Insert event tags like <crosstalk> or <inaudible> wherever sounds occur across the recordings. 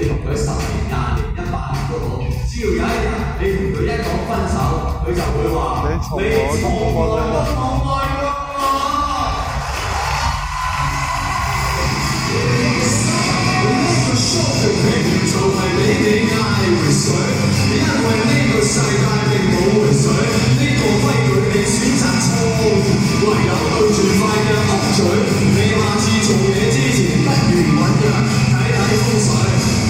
你同佢十年廿年一百年都好，只要有一日你同佢一講分手，佢就會話：你從來都冇愛過我。你錯咗，錯咗。因為呢個社會做埋你，哋嗌回水，只因為呢個世界並冇回水。呢個規矩你選擇錯，唯有到最快嘅惡嘴。你下次做嘢之前，不如搵人睇睇風水。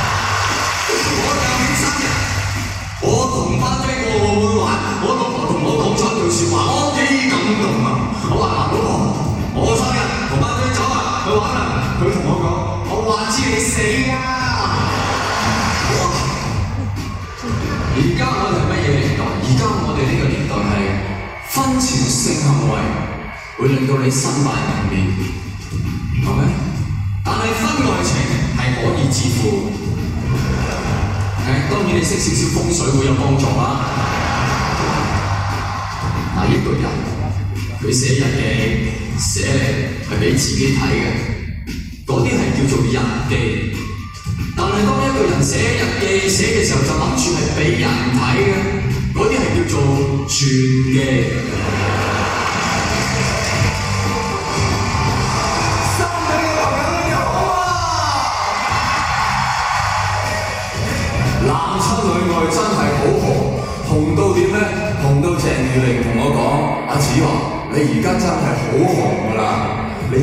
會令到你身敗名裂，係咪？但係婚外情係可以致富，係當然你識少少風水會有幫助啦。嗱，一個人佢寫日記寫係俾自己睇嘅，嗰啲係叫做日記。但係當一個人寫日記寫嘅時候，就諗住係俾人睇嘅，嗰啲係叫做傳記。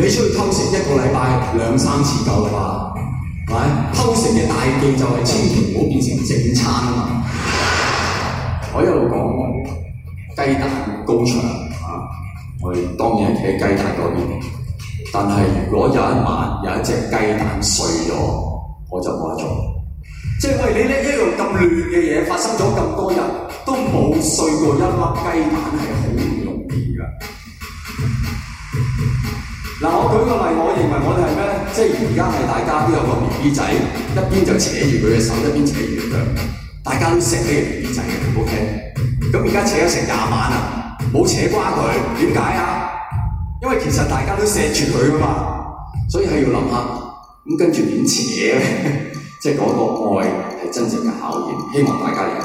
你出去偷食一個禮拜兩三次夠啦嘛？啊，偷食嘅大忌就係千祈唔好變成正餐 <laughs> 我一路講雞蛋高牆啊，我當然係企雞蛋嗰邊。但係如果有一晚有一隻雞蛋碎咗，我就冇得做。即係餵你呢一樣咁亂嘅嘢發生咗咁多日，都冇碎過一粒雞蛋係好唔容易㗎。嗱，我舉個例，我認為我哋係咩？即係而家係大家都有個 BB 仔，一邊就扯住佢嘅手，一邊扯住佢嘅腳，大家都錫呢個 BB 仔嘅，OK？咁而家扯咗成廿晚啦，冇扯瓜佢，點解啊？因為其實大家都錫住佢噶嘛，所以係要諗下，咁跟住點扯咧？即係嗰個愛係真正嘅考驗，希望大家留意。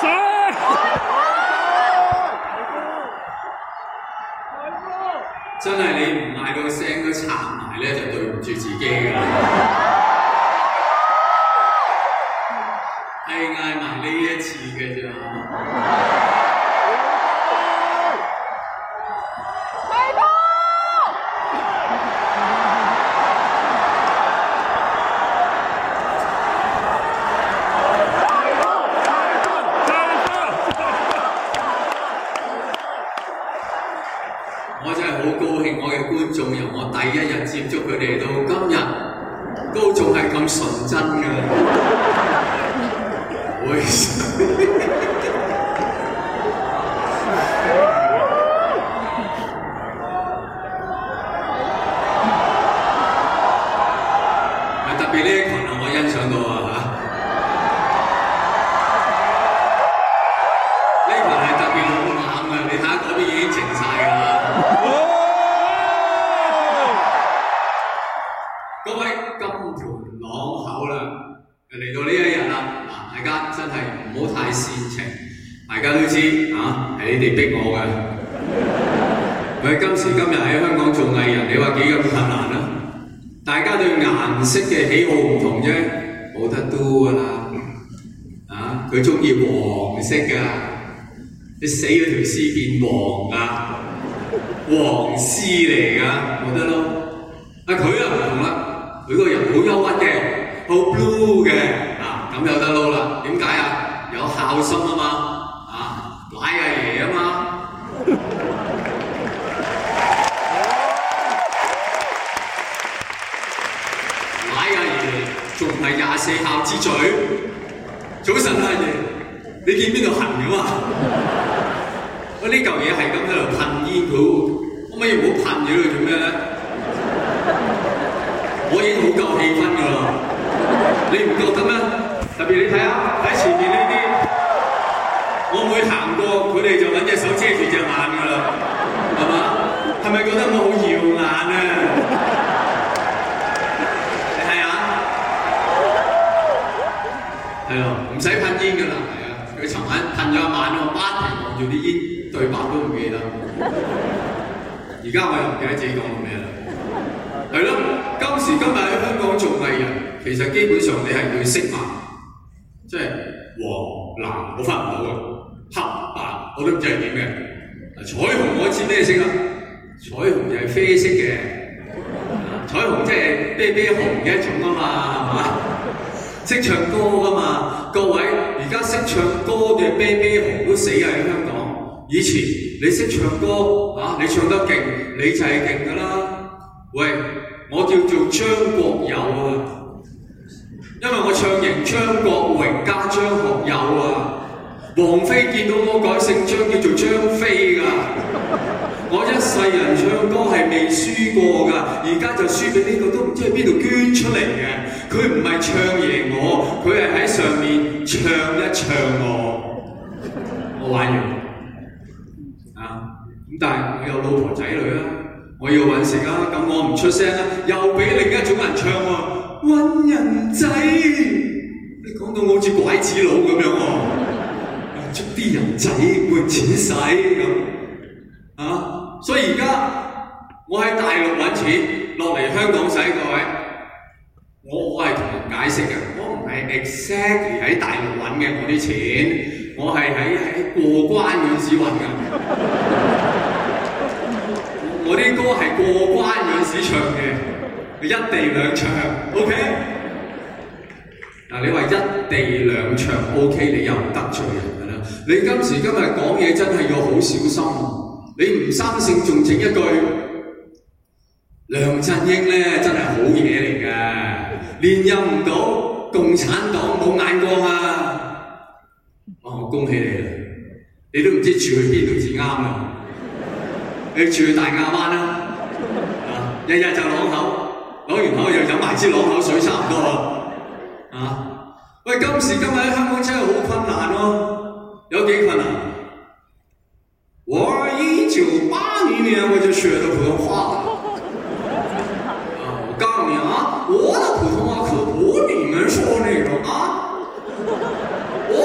<laughs> <noise> 真係你唔嗌到聲都殘埋咧，就對唔住自己㗎。係嗌埋呢一次嘅咋。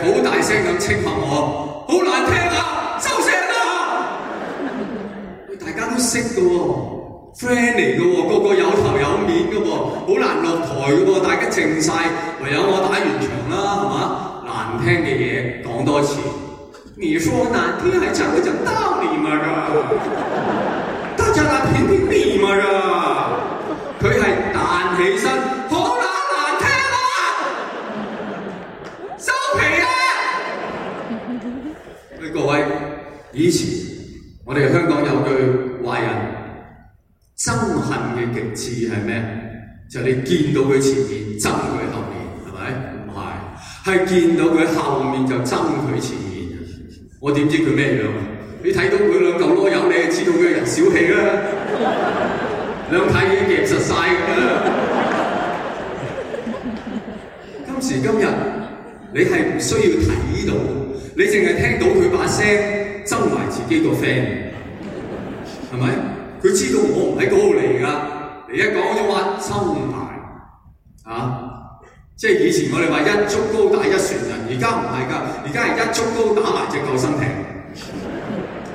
好大聲咁侵犯我，好難聽啊！收聲啦！ <laughs> 大家都識噶喎，friend 嚟噶喎， <laughs> 個個有頭有面噶喎，好難落台噶喎，大家靜晒，唯有我打圓場啦、啊，係嘛？難聽嘅嘢講多次，你說難聽，還講不講道理嘛？噶、 <laughs> <laughs> 啊，大家來評評理嘛？噶，佢係彈起身。以前我哋香港有句話人：人憎恨嘅極致係咩？就係、你見到佢前面憎佢後面，係咪？唔係，係見到佢後面就憎佢前面。我點知佢咩樣？你睇到佢兩嚿蘿柚，你就知道佢個人小氣啦。兩睇夾實晒㗎啦。 <laughs> 今時今日，你係唔需要睇到，你淨係聽到佢把聲。收埋自己個 friend，係咪？佢知道我唔喺嗰度嚟㗎，而家講嗰啲話收唔埋啊！即係以前我哋話一竹篙打一船人，而家唔係㗎，而家係一竹篙打埋隻救生艇。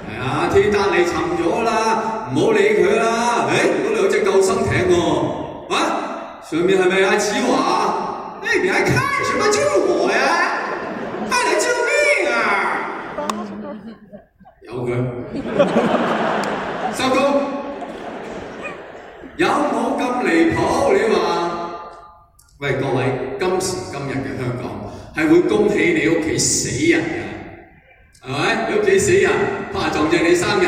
係啊，鐵達尼沉咗啦，唔好理佢啦。誒，嗰度有隻救生艇喎，啊，上面係咪阿子華？那你還看什麼救我呀？快來救命！好嘅，收工有冇咁離譜？你話，喂各位，今時今日嘅香港係會恭喜你屋企死人嘅，係咪？屋企死人，怕撞正你生日，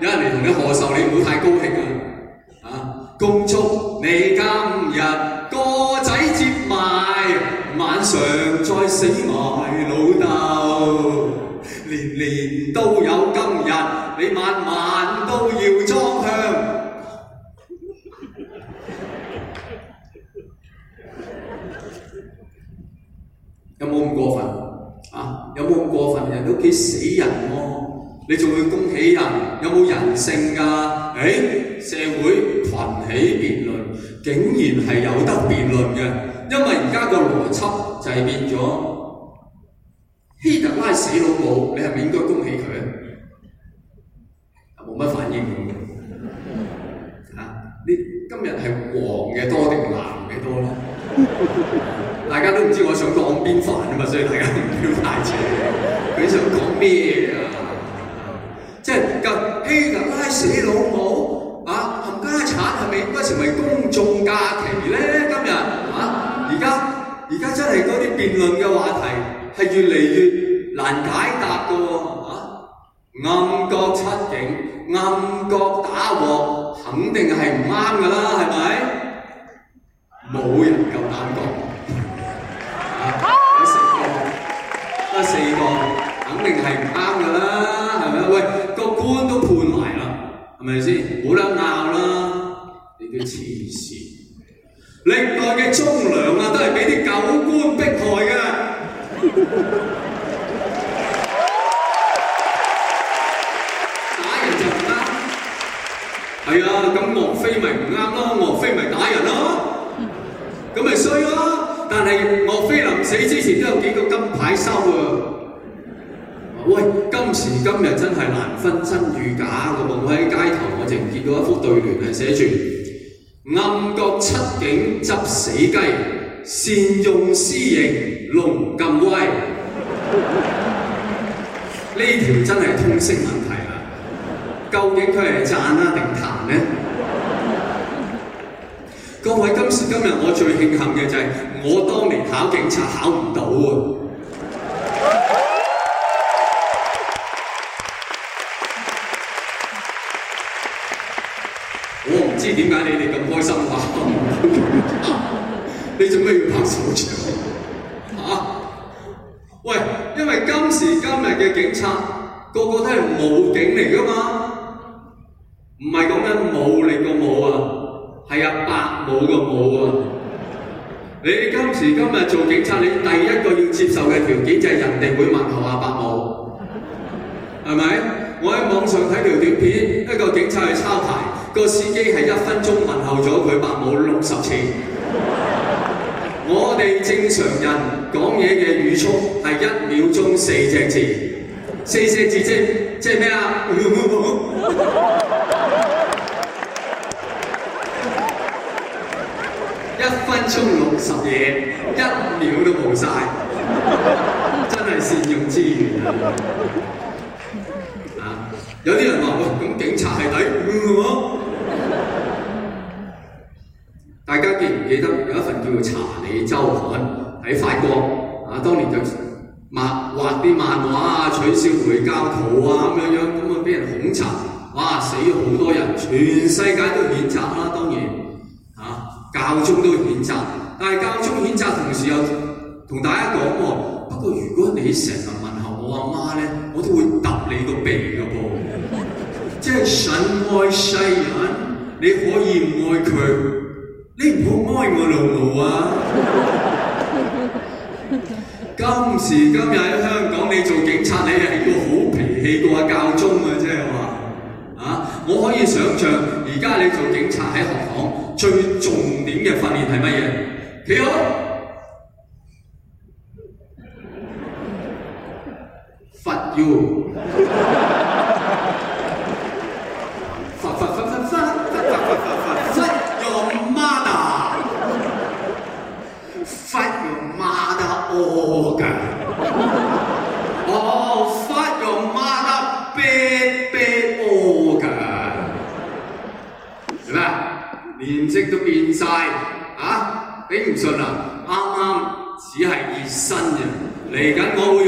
有人嚟同你賀壽，你唔好太高興啊！啊，恭祝你今日個仔接埋，晚上再死埋老豆。年年都有今日，你晚晚都要裝香。有冇咁過分啊？有冇咁過分？人都幾死人喎！你仲會恭喜人？有冇人性噶？誒，社會群起辯論，竟然係有得辯論嘅，因為而家個邏輯就係變咗。希特拉死老母，你係咪應該恭喜佢啊？冇乜反應喎。嚇，你今日係黃嘅多定藍嘅多咧？大家都唔知我想講邊範啊嘛，所以大家唔表太熱嘅。你想講咩啊？即係咁希特拉死老母，啊冚家產係咪應該成為公眾假期咧？今日啊，而家而家真係多啲辯論嘅話題。係越嚟越難解答噶喎，啊！暗角七警、暗角打鑊，肯定係唔啱噶啦，係咪？冇人夠膽講，啊！有四個，得四個，肯定係唔啱噶啦，係咪？喂，個官都判埋啦，係咪先？冇得拗啦，你都黐線！歷來嘅忠良啊，都係俾啲狗官迫害嘅。 <laughs> 打人就唔啱，係啊，咁岳飛咪唔啱咯？岳飛咪打人咯，咁咪衰咯。但係岳飛臨死之前都有幾個金牌收啊！喂，今時今日真係難分真與假噶嘛？我喺街頭我淨見到一幅對聯係寫住暗角七警執死雞。善用私刑，龍咁威，呢條真係通識問題啦！究竟佢係讚呀定彈呢？各位今時今日，我最慶幸嘅就係我當年考警察考唔到啊！我唔知點解你哋咁開心啊！你做咩要拍手掌？嚇、啊！喂，因為今時今日嘅警察個個都係武警嚟噶嘛，唔係講緊武力嘅武啊，係啊伯母嘅母啊！你今時今日做警察，你第一個要接受嘅條件就係人哋會問候阿伯母，係咪？我喺網上睇條短片，一個警察去抄牌，個司機係一分鐘問候咗佢伯母六十次。我哋正常人講嘢嘅語速係一秒鐘四隻字，四隻字即即係咩啊？一分鐘六十嘢，一秒都冇晒，真係善用資源啊！啊，有啲人話喎，咁警察係抵唔過？大家記唔記得有一份叫查理周刊喺法國啊？當年就漫畫啲漫畫啊，取笑回教徒啊咁樣樣，咁啊俾人恐襲，哇！死咗好多人，全世界都譴責啦，當然嚇教宗都譴責，但係教宗譴責同時又同大家講喎，不過如果你成日問候我阿媽咧，我都會揼你個鼻噶噃，即係神愛世人，你可以唔愛佢。你唔好哀我老母啊！今時今日喺香港，你做警察，你係個好脾氣過教宗啊！即係話啊，我可以想像而家你做警察喺學堂最重點嘅訓練係乜嘢？企好，罰要。信啦，啱啱只係熱身嘅，嚟 <noise> 緊樂 <music>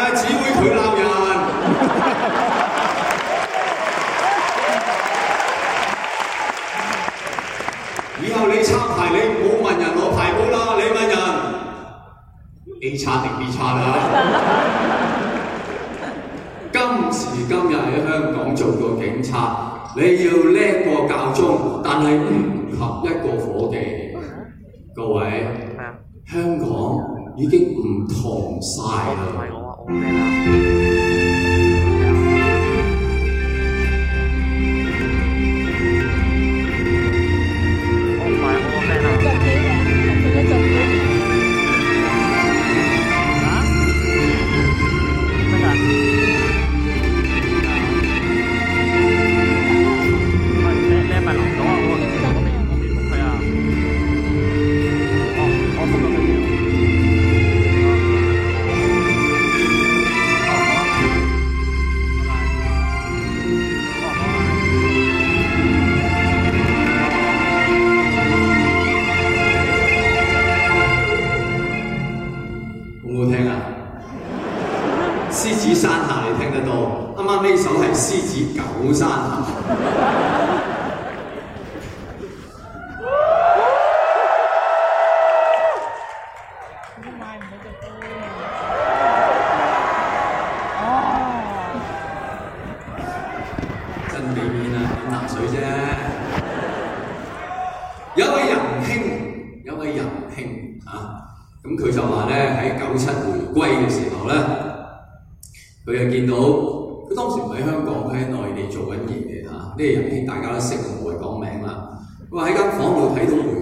警察定 B 叉啦！ <laughs> 今時今日喺香港做個警察，你要叻過教宗，但係唔合一個伙計，啊、各位，啊、香港已經唔同晒啦。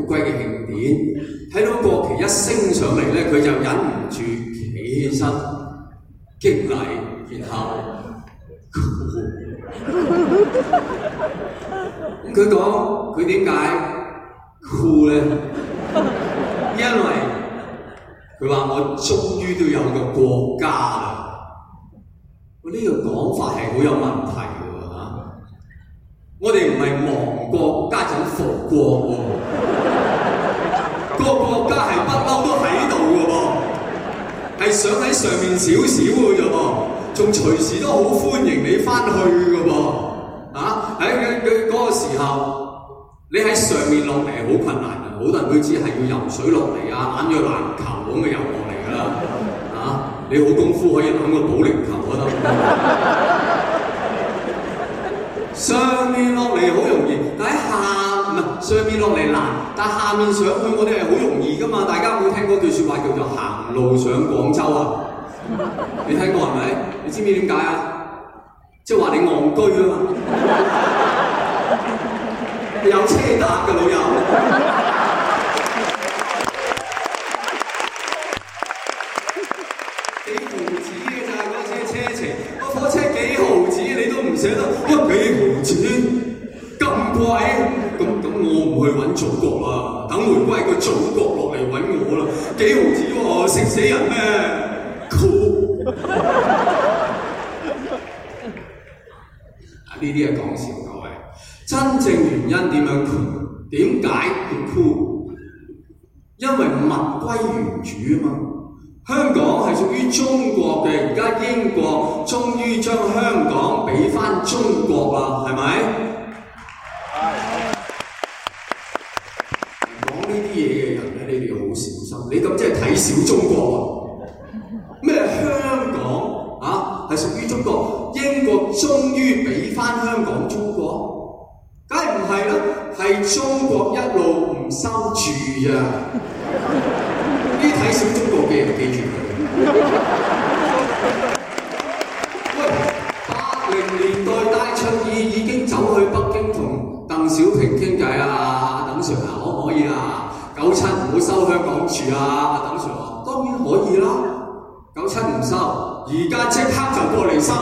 貴嘅慶典，睇到國旗一升上嚟咧，佢就忍唔住企起身激勵，然後哭。佢講：佢點解哭咧？為呢 <laughs> 因為佢話：我終於都有個國家啦！我呢個講法係好有問題㗎喎、吓、我哋唔係亡國，家陣復國喎。個國家係不嬲都喺度嘅噃，係想喺上面少少嘅啫噃，仲隨時都好歡迎你返去嘅噃。啊，喺佢佢嗰個時候，你喺上面落嚟好困難嘅，好多人佢只係要游水落嚟啊，攬住籃球咁嘅游落嚟㗎啦。啊，你好功夫可以攬個保齡球都得。上面落嚟好容易，但係下唔係上面落嚟難。但下面上去我哋係好容易噶嘛，大家有冇聽過嗰句說話叫做行路上廣州啊？你睇過係咪？你知唔知點解、就是、啊？即係話你戇居啊嘛，有車搭嘅老友。 <laughs> 因為物歸原主啊嘛，香港係屬於中國嘅。而家英國終於將香港俾翻中國喇，係咪？講 <laughs> 呢啲嘢嘅人咧，你哋好小心，你咁即係睇小中國。咩香港啊係屬於中國，英國終於俾翻香港中國。梗係唔係啦，係中國一路唔收住咋？呢啲睇小中國嘅人記住佢。喂，八零年代戴卓爾已經走去北京同鄧小平傾偈啊，阿鄧 Sir 可唔可以啊？九七唔好收香港住啊，阿鄧 Sir，當然可以啦。九七唔收，而家即刻就過嚟收。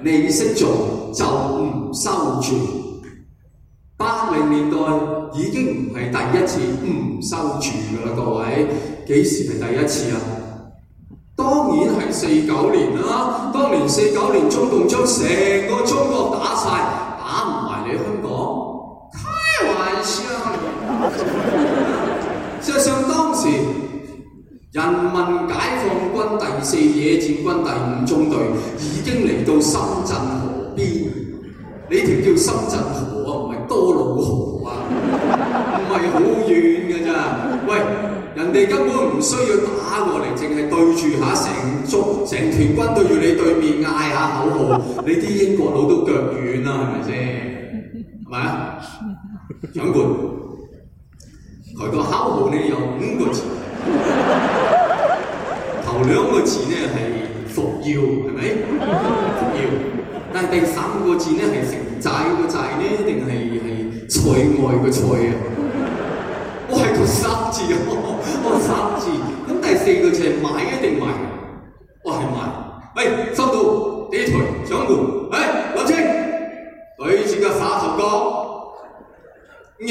你識做就唔～收住！八零年代已經唔係第一次唔收住噶啦，各位幾時係第一次啊？當然係四九年啦，啊！當年四九年，中共將成個中國打晒，打唔埋你香港，開玩笑！事實上當時人民解放軍第四野戰軍第五中隊已經嚟到深圳河邊。呢條叫深圳河啊，唔係多瑙河啊，唔係好遠㗎咋。喂，人哋根本唔需要打過嚟，淨係對住下成組成團軍對住你對面嗌下口號。你啲英國佬都腳軟啦，係咪先？係咪啊？長官，佢個口號咧有五個字，頭兩個字咧係服要，係咪？服要，但係第三個字咧係食。債，個債咧，定係係財外個財啊？我係個三字，我三字。咁第四個字買咧定賣？我係買。喂，收到，呢台掌門。哎，林清對住個耍頭哥，一、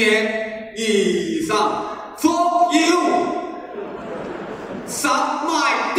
二、三，撲要殺埋地。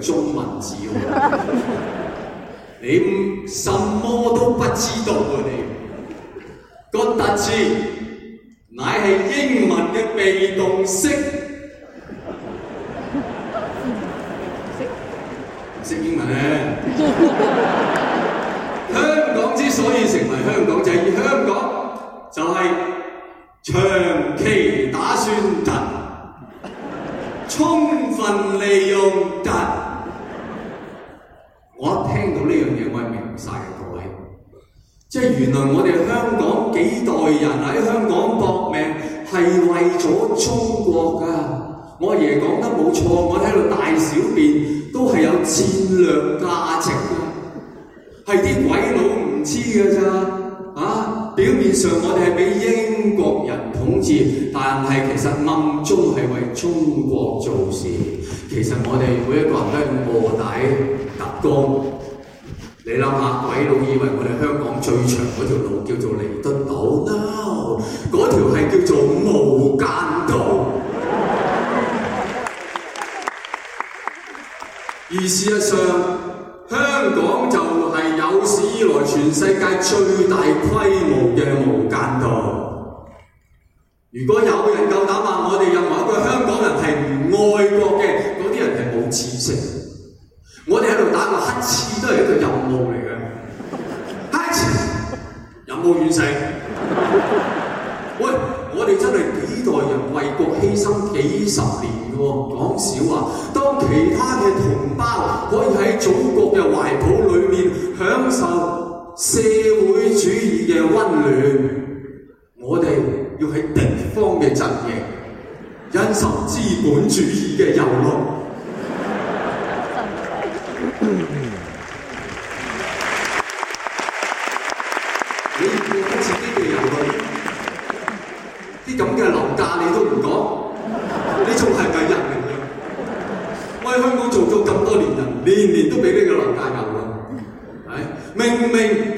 中文字，你什麼都不知道啊！你個特字乃係英文嘅被動式，識英文咧？香港之所以成為香港，就係香港就係長期打算，騰充分利用騰。即係原來我哋香港幾代人喺香港搏命係為咗中國㗎，我阿爺講得冇錯，我喺度大小便都係有戰略價值㗎，係啲鬼佬唔知㗎咋，啊！表面上我哋係俾英國人統治，但係其實暗中係為中國做事，其實我哋每一個人都係臥底特工。你諗下，鬼佬以為我哋香港最長嗰條路叫做彌敦道，No，嗰條係叫做無間道。而事實上，香港就係有史以來全世界最大規模嘅無間道。如果有人夠膽話我哋任何一個香港人係唔愛國嘅，嗰啲人係冇知識。我哋喺度打個乞嗤都係一個任務嚟嘅，乞嗤任務完成。喂，我哋真係幾代人為國犧牲幾十年嘅喎，講笑啊！當其他嘅同胞可以喺祖國嘅懷抱裏面享受社會主義嘅溫暖，我哋要喺敵方嘅陣營忍受資本主義嘅遊樂。你唔是啲嘢入去，啲咁嘅樓價你都唔講，你仲係計人民啊？我喺香港做咗咁多年啦，年年都俾呢個樓價壓啊，係明唔明？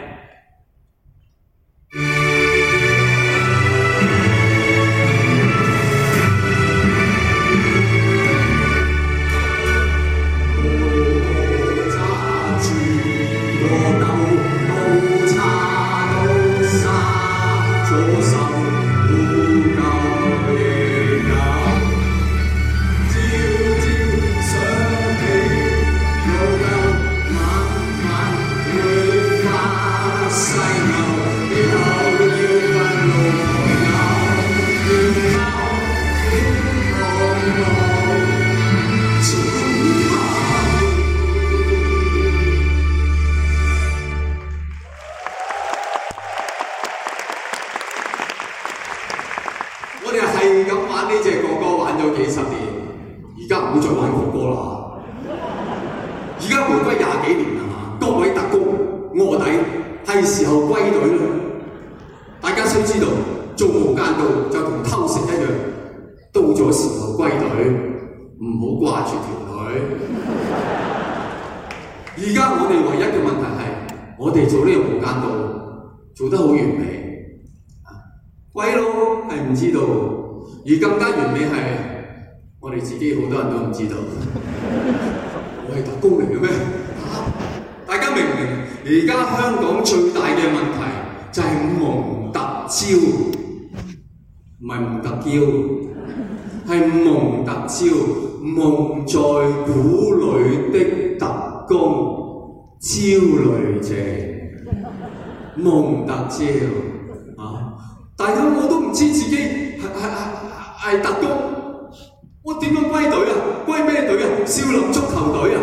我點樣歸隊啊？歸咩隊啊？少林足球隊啊？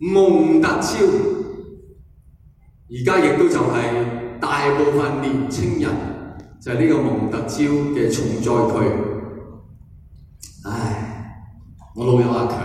蒙特超，而家亦都就係大部分年輕人就係、是、呢個蒙特超嘅重災區。唉，我老友啦～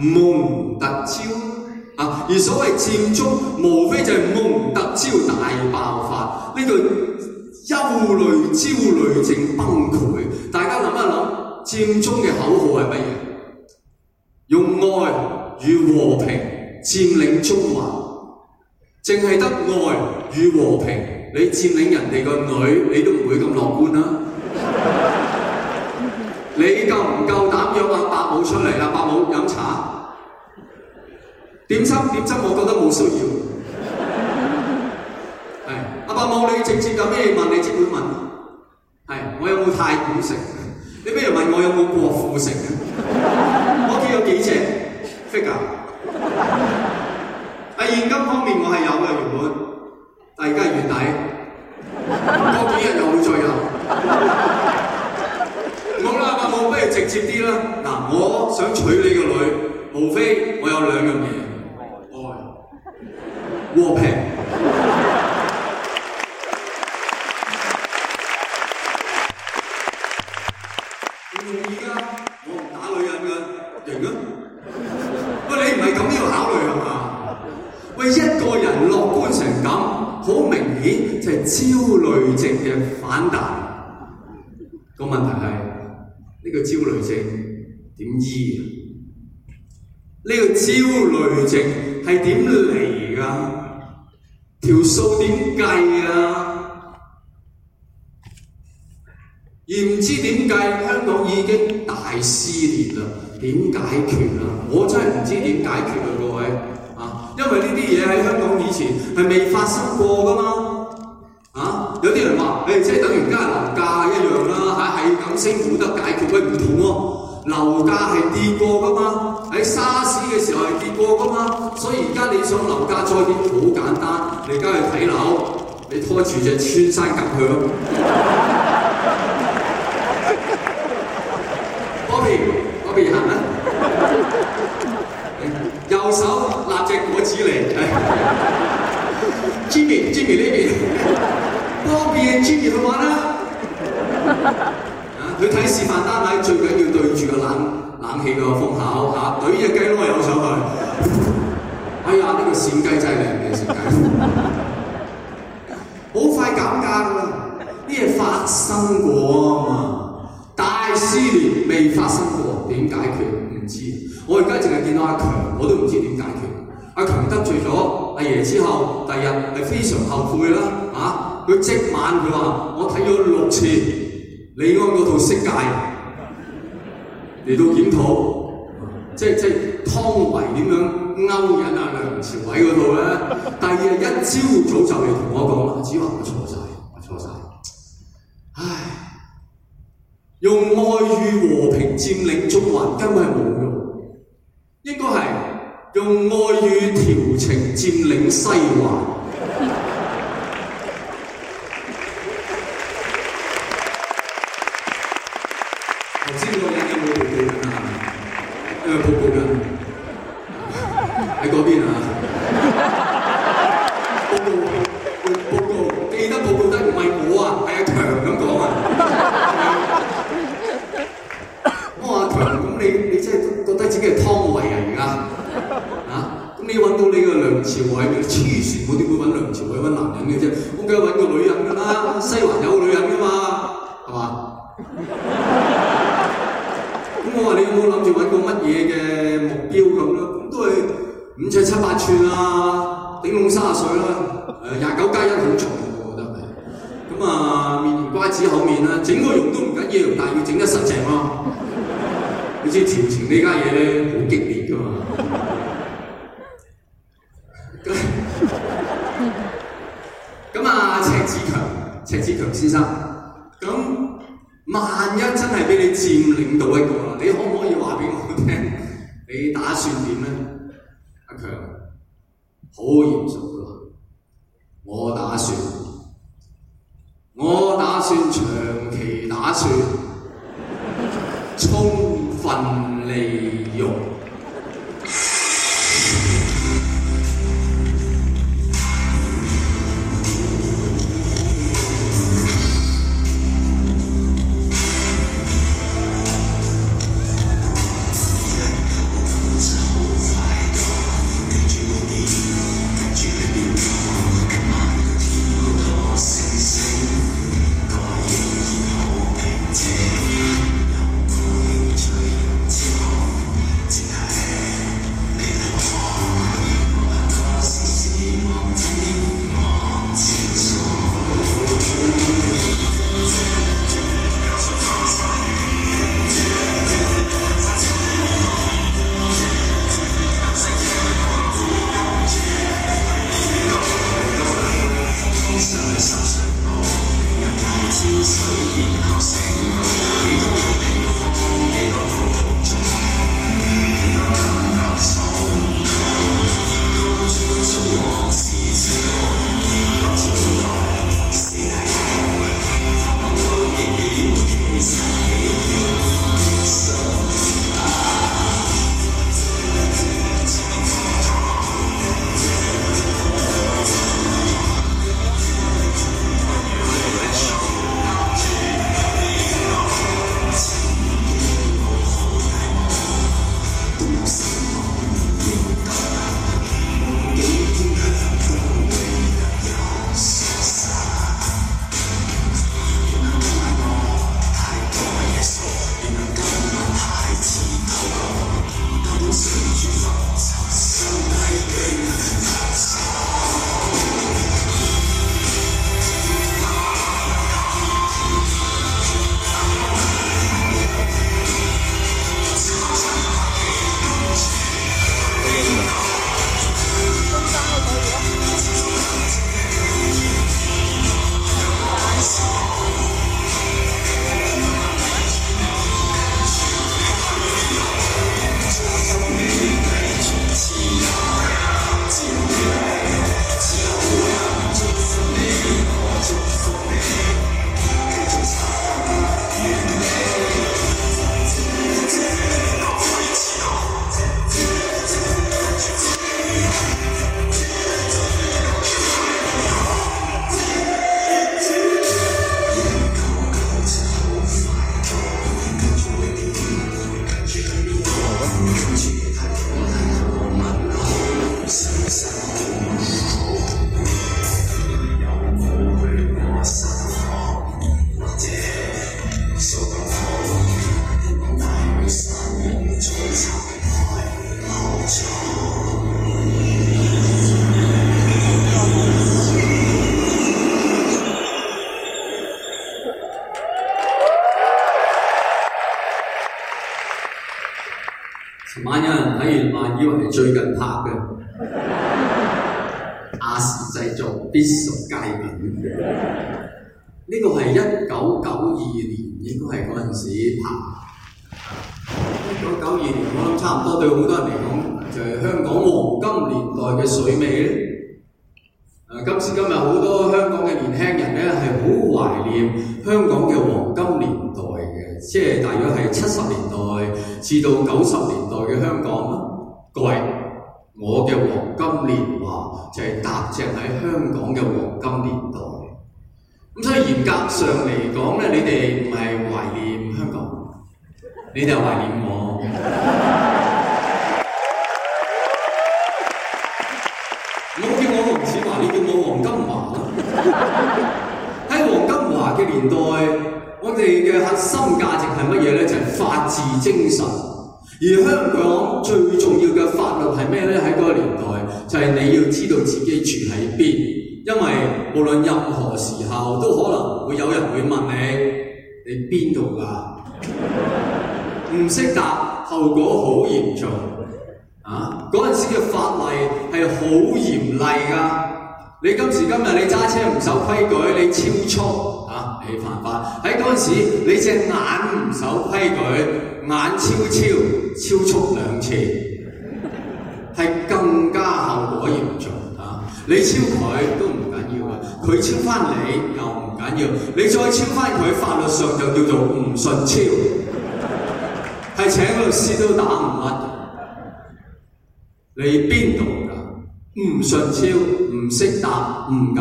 夢特招啊！而所謂佔中，無非就係夢特招大爆發，呢個憂慮焦慮症崩潰。大家諗一諗，佔中嘅口號係乜嘢？用愛與和平佔領中華，淨係得愛與和平。你佔領人哋個女，你都唔會咁樂觀啦。你夠唔夠？冇出嚟啦，伯母飲茶，點心點真，我覺得冇需要。係，阿伯母你直接有咩問你即管問。係，我有冇泰股食？你不如問我有冇國富食嘅。我屋企有幾隻 figure？喺現金方面我係有嘅原本，但係而家係月底，過幾日又會再有。直接啲啦，嗱，我想娶你個女，無非我有兩樣嘢，愛和平。同意啊，我唔打女人嘅型啊，喂，你唔係咁要考慮啊嘛，喂，一個人樂觀成咁，好明顯就係焦慮症嘅反彈，個問題係。呢個焦慮症點醫啊？呢個焦慮症係點嚟噶？條數點計啊？而唔知點計？香港已經大撕裂啦，點解決啊？我真係唔知點解決啊！各位啊，因為呢啲嘢喺香港以前係未發生過噶嘛。有啲人話，誒，即係等於而家樓價一樣啦，吓，係咁升，冇得解決。喂，唔同喎，樓價係跌過㗎嘛，喺沙士嘅時候係跌過㗎嘛，所以而家你想樓價再跌好簡單，你而家去睇樓，你拖住隻穿山甲去。Bobby，Bobby 行啦，右手拎隻果子嚟，Jimmy，Jimmy 呢邊。方便專業去玩啦，啊！佢睇示範單位最緊要對住個冷冷氣個風口嚇，對住隻雞咯，又上去，哎呀！呢個閃雞真係靚嘅閃雞，好快減價㗎啦！呢嘢發生過啊嘛，大事未發生過點解決唔知？我而家淨係見到阿強，我都唔知點解決。阿強得罪咗阿爺之後，第日係非常後悔啦，啊！佢即晚佢話：我睇咗六次李安嗰套《色戒》，嚟到檢討，即即湯唯點樣勾引啊梁朝偉嗰度咧。第二日一朝早就嚟同我講啦，子華我錯曬，我錯曬。唉，用愛與和平佔領中環根本係冇用，應該係用愛與調情佔領西環。緊要，你再抄翻佢，法律上就叫做唔順超，係請律師都打唔甩。你邊度㗎？唔順超，唔識答唔緊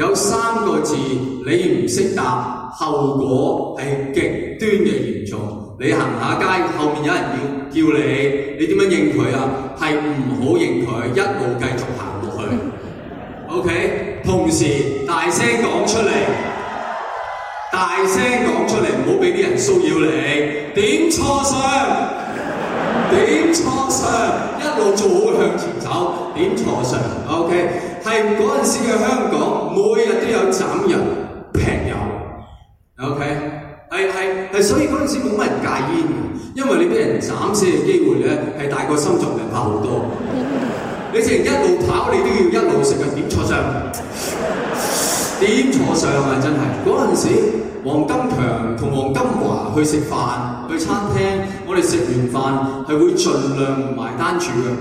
要。有三個字你唔識答，後果係極端嘅嚴重。你行下街，後面有人叫叫你，你點樣應佢啊？係唔好應佢，一路繼續行落去。OK，同時大聲講出嚟。大聲講出嚟，唔好俾啲人騷擾你。點錯傷？點錯傷？一路做好向前走。點錯傷？OK，係嗰陣時嘅香港，每日都有斬人、劈人。OK，係係係，所以嗰陣時冇乜人戒煙，因為你俾人斬死嘅機會咧，係大過心臟病發好多。你淨係一路跑，你都要一路食緊點錯傷。點坐上啊！真係嗰陣時，黃金強同黃金華去食飯，去餐廳，我哋食完飯係會盡量唔埋單住嘅。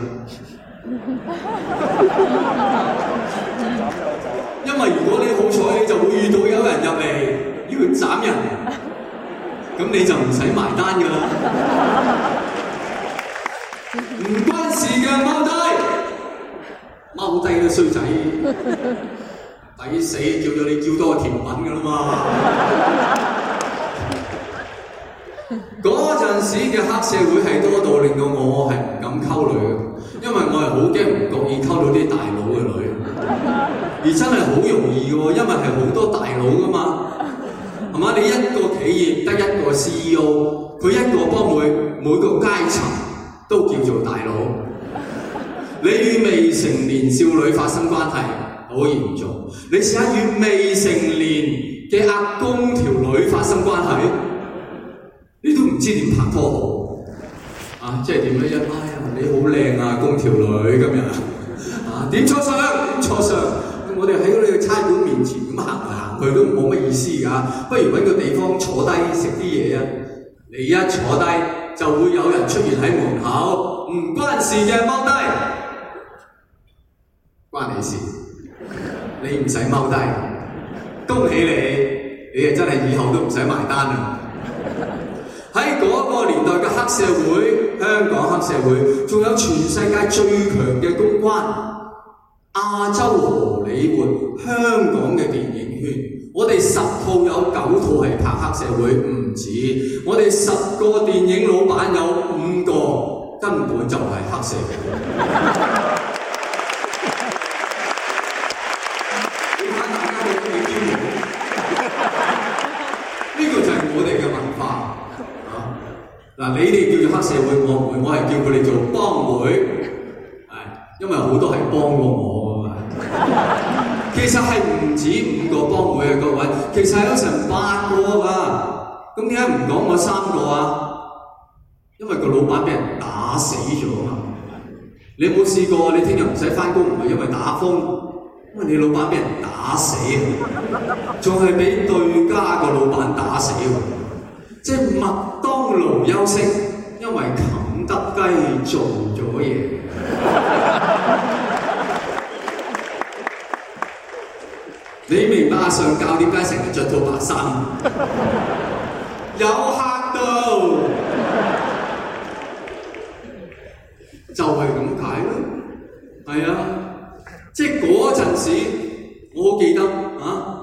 因為如果你好彩，你就會遇到有人入嚟要斬人，咁你就唔使埋單噶啦。唔關事嘅踎低，踎低嘅衰仔。抵死叫咗你叫多甜品噶啦嘛！嗰陣時嘅黑社會係多到令到我係唔敢溝女嘅，因為我係好驚唔覺意溝到啲大佬嘅女。而真係好容易嘅喎，因為係好多大佬噶嘛，係嘛？你一個企業得一個 CEO，佢一個幫會每個階層都叫做大佬。你與未成年少女發生關係。好嚴重？你試下與未成年嘅阿公條女發生關係，你都唔知點拍拖。啊，即係點樣？一、哎、媽呀，你好靚啊，公條女今日啊，點坐上？坐上、嗯！我哋喺你個餐館面前咁行嚟行去都冇乜意思㗎，不如搵個地方坐低食啲嘢啊！你一坐低就會有人出現喺門口，唔關事嘅，踎低，關你事。你唔使踎低，恭喜你，你啊真係以後都唔使埋單啦。喺 <laughs> 嗰個年代嘅黑社會，香港黑社會，仲有全世界最強嘅公關，亞洲荷里活、香港嘅電影圈，我哋十套有九套係拍黑社會，唔止。我哋十個電影老闆有五個根本就係黑社會。 <laughs> 嗱，你哋叫做黑社會，會，我我係叫佢哋做幫會，係因為好多係幫過我㗎嘛。其實係唔止五個幫會啊，各位，其實有成八個㗎。咁點解唔講我三個啊？因為個老闆俾人打死咗啊！你有冇試過你聽日唔使翻工，唔係因為打風，因為你老闆俾人打死啊！仲係俾對家個老闆打死喎！即麥當勞休息，因為肯德雞做咗嘢。你明白阿上教點解成日著套白衫？有客到，就係咁解咯。係啊，即嗰陣時，我記得啊。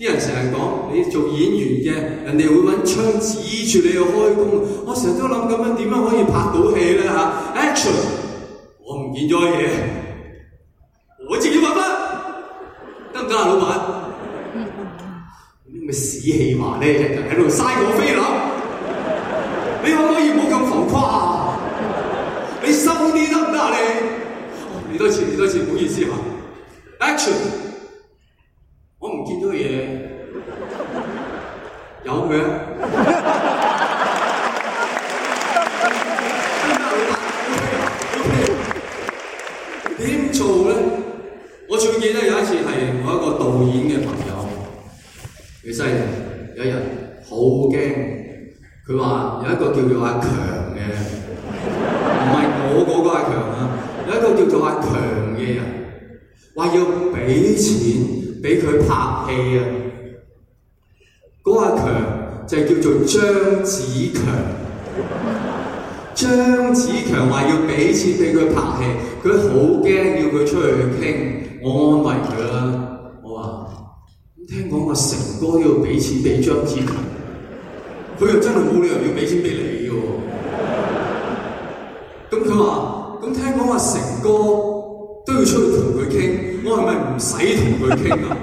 啲人成日講你做演員嘅，人哋會揾槍指住你去開工。我成日都諗咁樣點樣可以拍到戲咧嚇？Action！我唔見咗嘢，我自己揾翻得唔得啊，老闆？你咪 <laughs> 屎氣話咧，日日喺度嘥我飛諗。你可唔可以冇咁浮誇？你收啲得唔得啊你？幾多錢？幾多錢？唔好意思嚇、啊。Action！見到嘢，有嘅 <laughs> 他、啊。點、 <laughs> okay. 做咧？我最記得有一次係我一個導演嘅朋友，你犀利。有一日好驚，佢話有一個叫做阿強嘅，唔係我嗰個嗰個阿強啊，有一個叫做阿強嘅人，話要俾錢。俾佢拍戲啊！嗰阿強就係叫做張子強。張子強話要俾錢俾佢拍戲，佢好驚要佢出去傾。我安慰佢啦，我話：聽講阿成哥要俾錢俾張子強，佢又真係冇理由要俾錢俾你嘅。咁佢話：咁聽講阿成哥都要出去同佢傾。我係咪唔使同佢傾啊？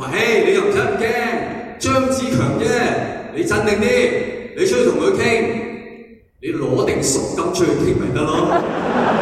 喂，你又唔使咁驚，張子強啫，你鎮定啲，你出去同佢傾，你攞定贖金出去傾咪得咯。 <laughs>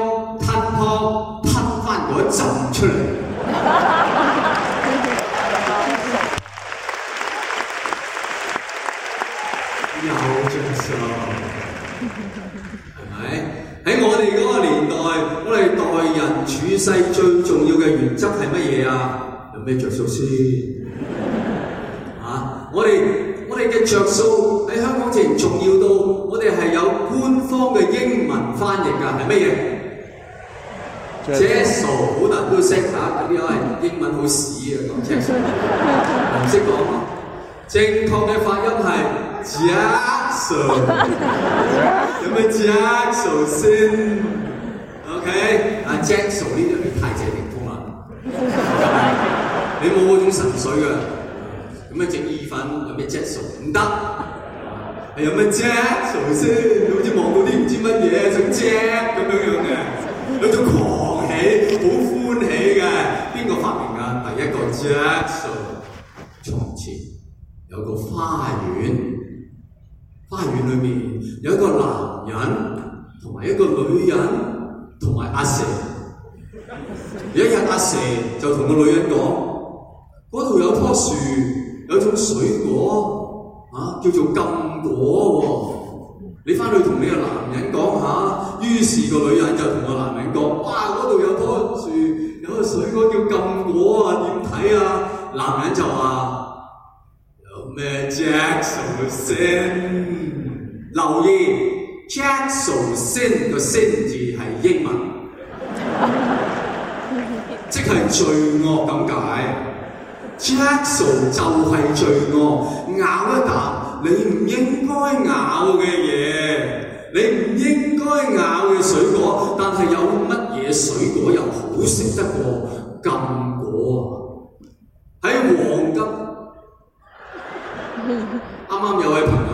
有咩，Jack 手先，OK，啊 Jack 手呢度比泰姐掂多啦，你冇嗰種神水嘅，咁啊整意粉，有咩 Jack 手唔得，係有乜 Jack 手先？好似望到啲唔知乜嘢，想 Jack 咁樣樣嘅，有種狂喜，好歡喜嘅，邊個發明噶？第一個 Jack 手。裏面有一個男人同埋一個女人同埋阿蛇，有一日阿蛇就同個女人講，嗰度有棵樹，有種水果，啊叫做禁果喎。你翻去同你個男人講下。於是個女人就同個男人講，哇，嗰度有棵樹，有個水果叫禁果啊，點睇啊？男人就話：有咩 Jackson 嚟先？留意，Jesu Sin 嘅 Sin 字係英文，即係罪惡咁解。Jesu 就係罪惡，咬一啖你唔應該咬嘅嘢，你唔應該咬嘅水果，但係有乜嘢水果又好食得過禁果？喺黃金，啱啱有位朋友。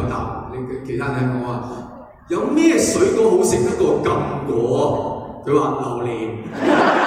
其他人講話有咩水果好食得過禁果？佢話榴蓮。 <laughs>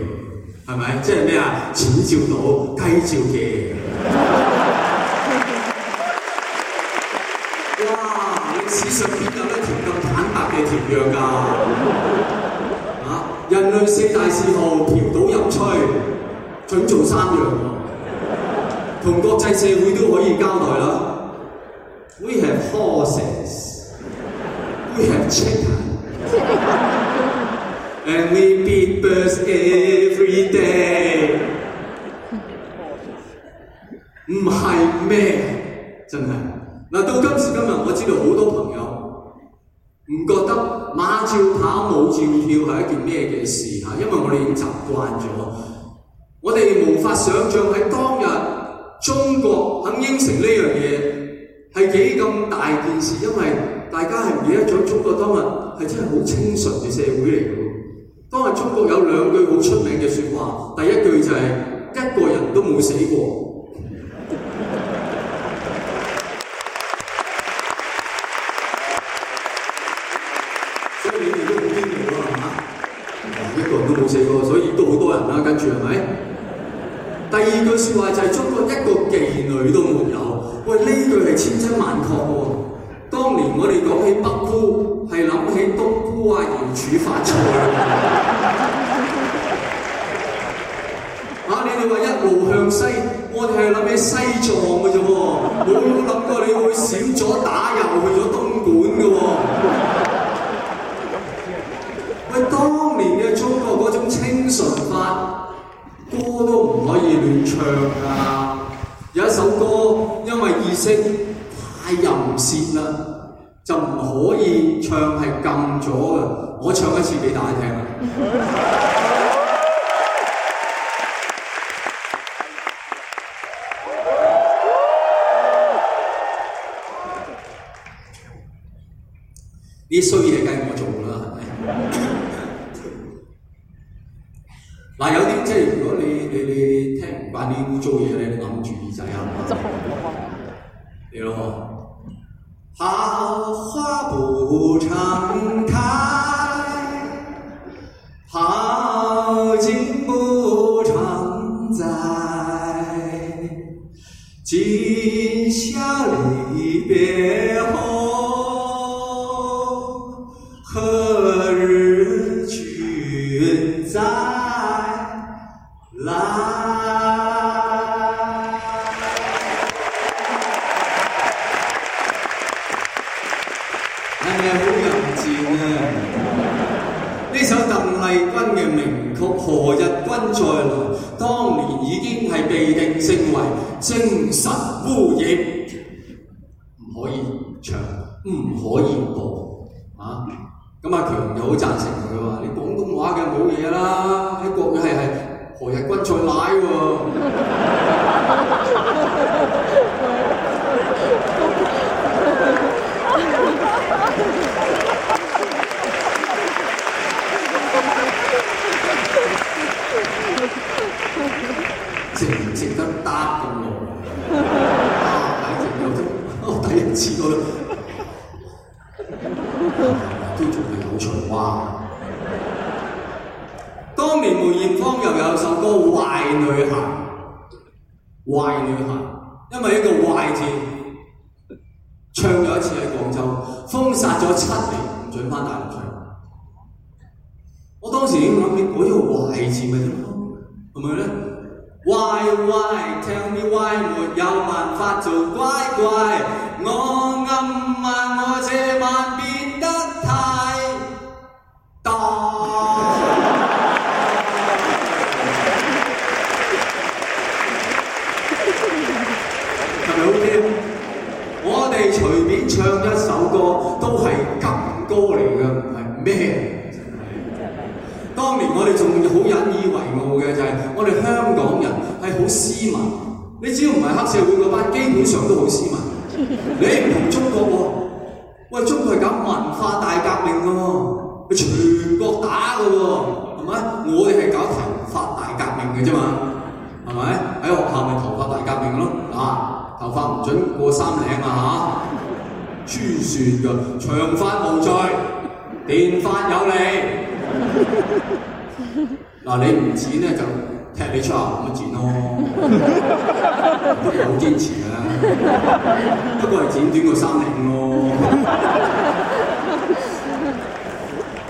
係咪？即係咩啊？錢照倒雞照嘅。哇！史上邊見到一條咁坦白嘅條約㗎。啊！人類四大嗜好：嫖、賭、飲、吹，準做三樣，同國際社會都可以交代啦。We have horses, we have chicken, and we beat birds every. 你哋唔係咩？真係嗱，到今時今日，我知道好多朋友唔覺得馬照跑、舞照跳係一件咩嘅事吓，因為我哋已經習慣咗，我哋無法想象喺當日中國肯應承呢樣嘢係幾咁大件事，因為大家係唔記得咗中國當日係真係好清純嘅社會嚟嘅。當時中國有兩句好出名嘅説話，第一句就係一個人都冇死過。斯文，你只要唔係黑社會嗰班，基本上都好斯文。你唔同中國喎，喂，中國係搞文化大革命嘅喎，佢全國打嘅喎，係咪？我哋係搞頭髮大革命嘅啫嘛，係咪？喺學校咪頭髮大革命咯，啊，頭髮唔準過三領啊，嚇，穿船嘅長髮無罪，電髮有理。嗱，你唔似咧就。踢比賽唔乜剪咯，好 <laughs> 堅持啦，不過係剪短個山頂咯。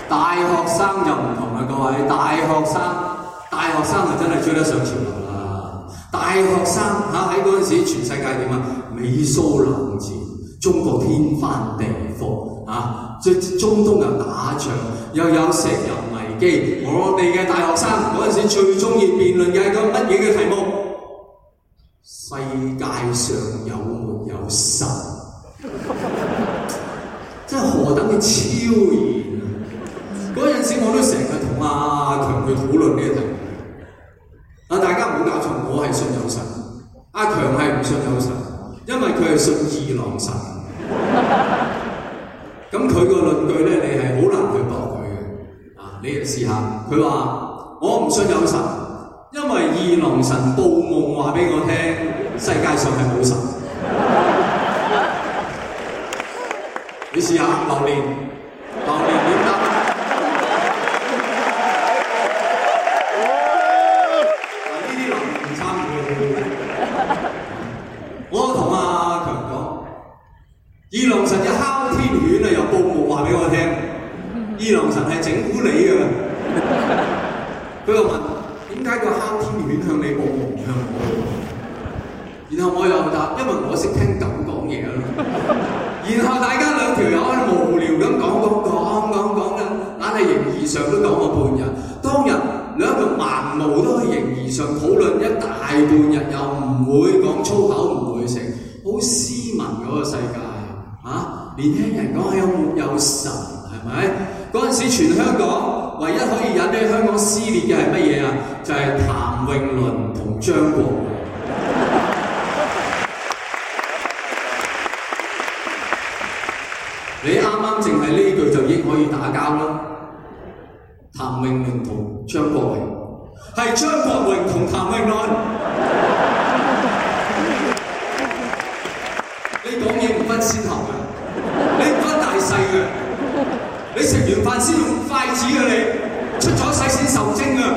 大學生就唔同啦，各位，大學生，大學生就真係追得上潮流啦。大學生嚇喺嗰陣時，全世界點啊？美蘇冷戰，中國天翻地覆嚇，即、啊、係中東又打仗，又有石油。我哋嘅大學生嗰陣時最中意辯論嘅係個乜嘢嘅題目？世界上有冇有神？即係何等嘅超然啊！嗰陣時我都成日同阿強去討論呢個題目。啊，大家唔好搞錯，我係信有神，阿強係唔信有神，因為佢係信二郎神。咁佢個論據咧，你係？你又試下，佢話：我唔信有神，因為二郎神報夢話俾我聽，世界上係冇神。 <laughs> 你試下留念。明明同張國榮，係張國榮同譚詠麟。你講嘢唔分先後噶，你唔分大細噶，你食完飯先用筷子噶，你出咗世先受精噶。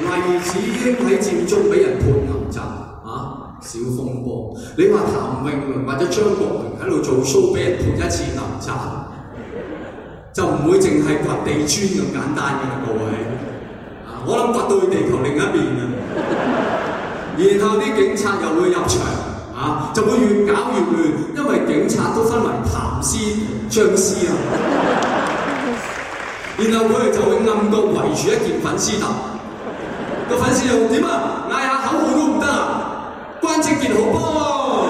魏子英喺佔中俾人投降咗。小風波，你話譚詠麟或者張國榮喺度做 show，俾人潑一次冷水，就唔會淨係掘地磚咁簡單嘅一個位。啊，我諗掘到去地球另一邊啊！然後啲警察又會入場啊，就會越搞越亂，因為警察都分為譚師同張師啊！然後佢哋就會暗角圍住一件粉絲褸，個粉絲就點啊？嗌！只件好噃，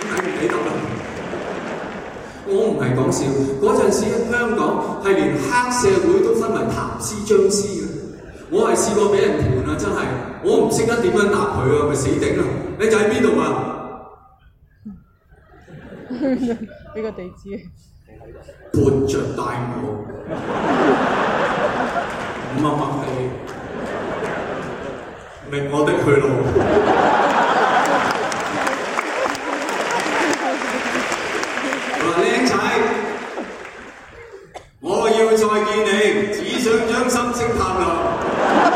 咁睇唔睇到啦？我唔係講笑，嗰陣時香港係連黑社會都分為談師、張師啊！我係試過俾人盤啊，真係，我唔識得點樣答佢啊，咪死頂啊！你住喺邊度啊？呢個地址盤著大帽，默默氣。明我的去路。我話靚仔，我要再見你，只想將心聲透露。 <laughs>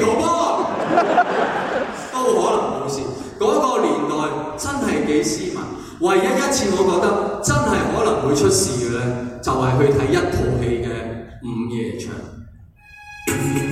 <laughs> 都可能冇事。嗰、嗰個年代真係幾斯文。唯一一次我覺得真係可能會出事嘅呢，就係、係、去睇一套戲嘅午夜場。 <coughs>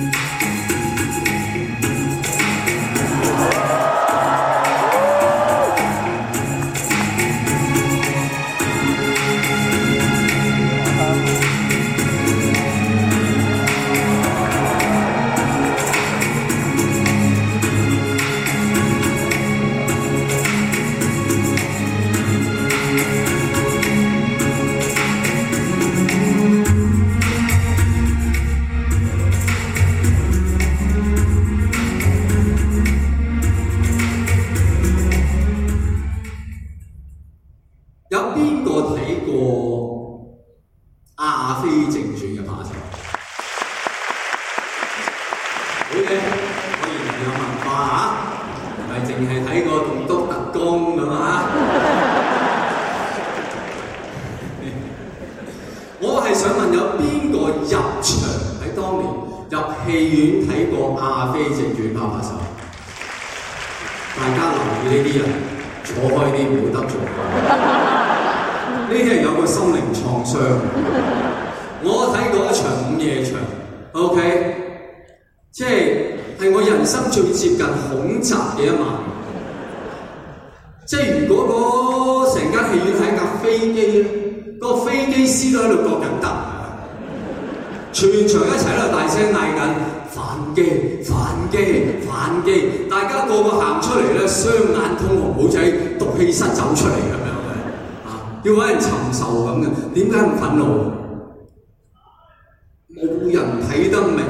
睇得明，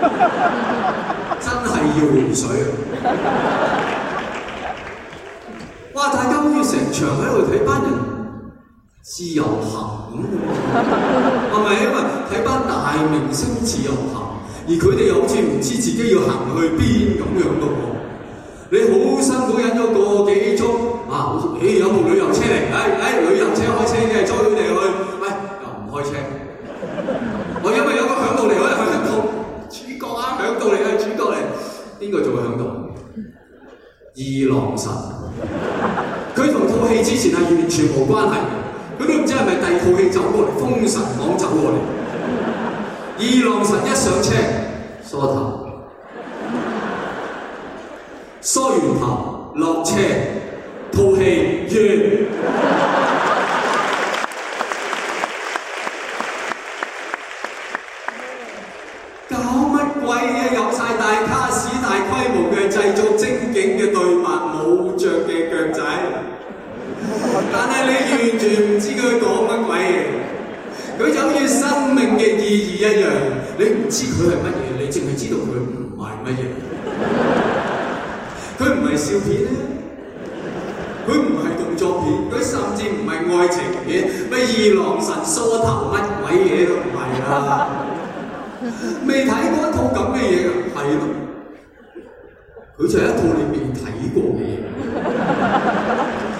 <laughs> 真係要換水啊！ <laughs> 哇！大家好似成場喺度睇班人自由行咁喎，係咪？ <laughs> <laughs> 因為睇班大明星自由行，而佢哋又好似唔知自己要行去邊咁樣咯。你好辛苦忍咗個幾鐘啊！咦？有部旅遊車嚟？誒、哎、誒、哎、旅遊車開車嘅租。二郎神，佢同套戲之前係完全冇關係嘅，佢都唔知係咪第套戲走過嚟，《封神榜》走過嚟。 <laughs> 二郎神一上車，梳頭，梳完頭落車，套戲完。 <laughs> 知佢講乜鬼嘢，佢就好似生命嘅意義一樣。你唔知佢係乜嘢，你淨係知道佢唔係乜嘢。佢唔係笑片咧，佢唔係動作片，佢甚至唔係愛情片，咩 <laughs> 二郎神梳頭乜鬼嘢都唔係啦。未睇過一套咁嘅嘢，係咯，佢就係、係、一套你未睇過嘅嘢。 <laughs>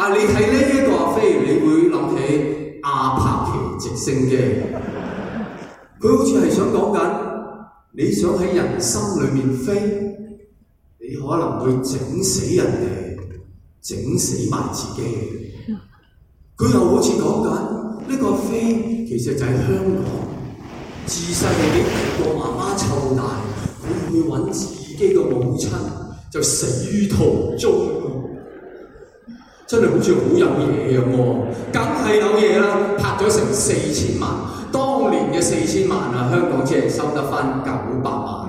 但你睇呢一個阿飛，你會諗起阿帕奇直升機。佢 <laughs> 好似係想講緊，你想喺人心裏面飛，你可能會整死人哋，整死埋自己。佢 <laughs> 又好似講緊呢個阿飛，其實就係香港，自細俾過媽媽湊大，去揾自己嘅母親，就死於途中。真係好似好有嘢咁喎，梗係有嘢啦！拍咗成四千萬，當年嘅四千萬啊，香港只係收得翻九百萬。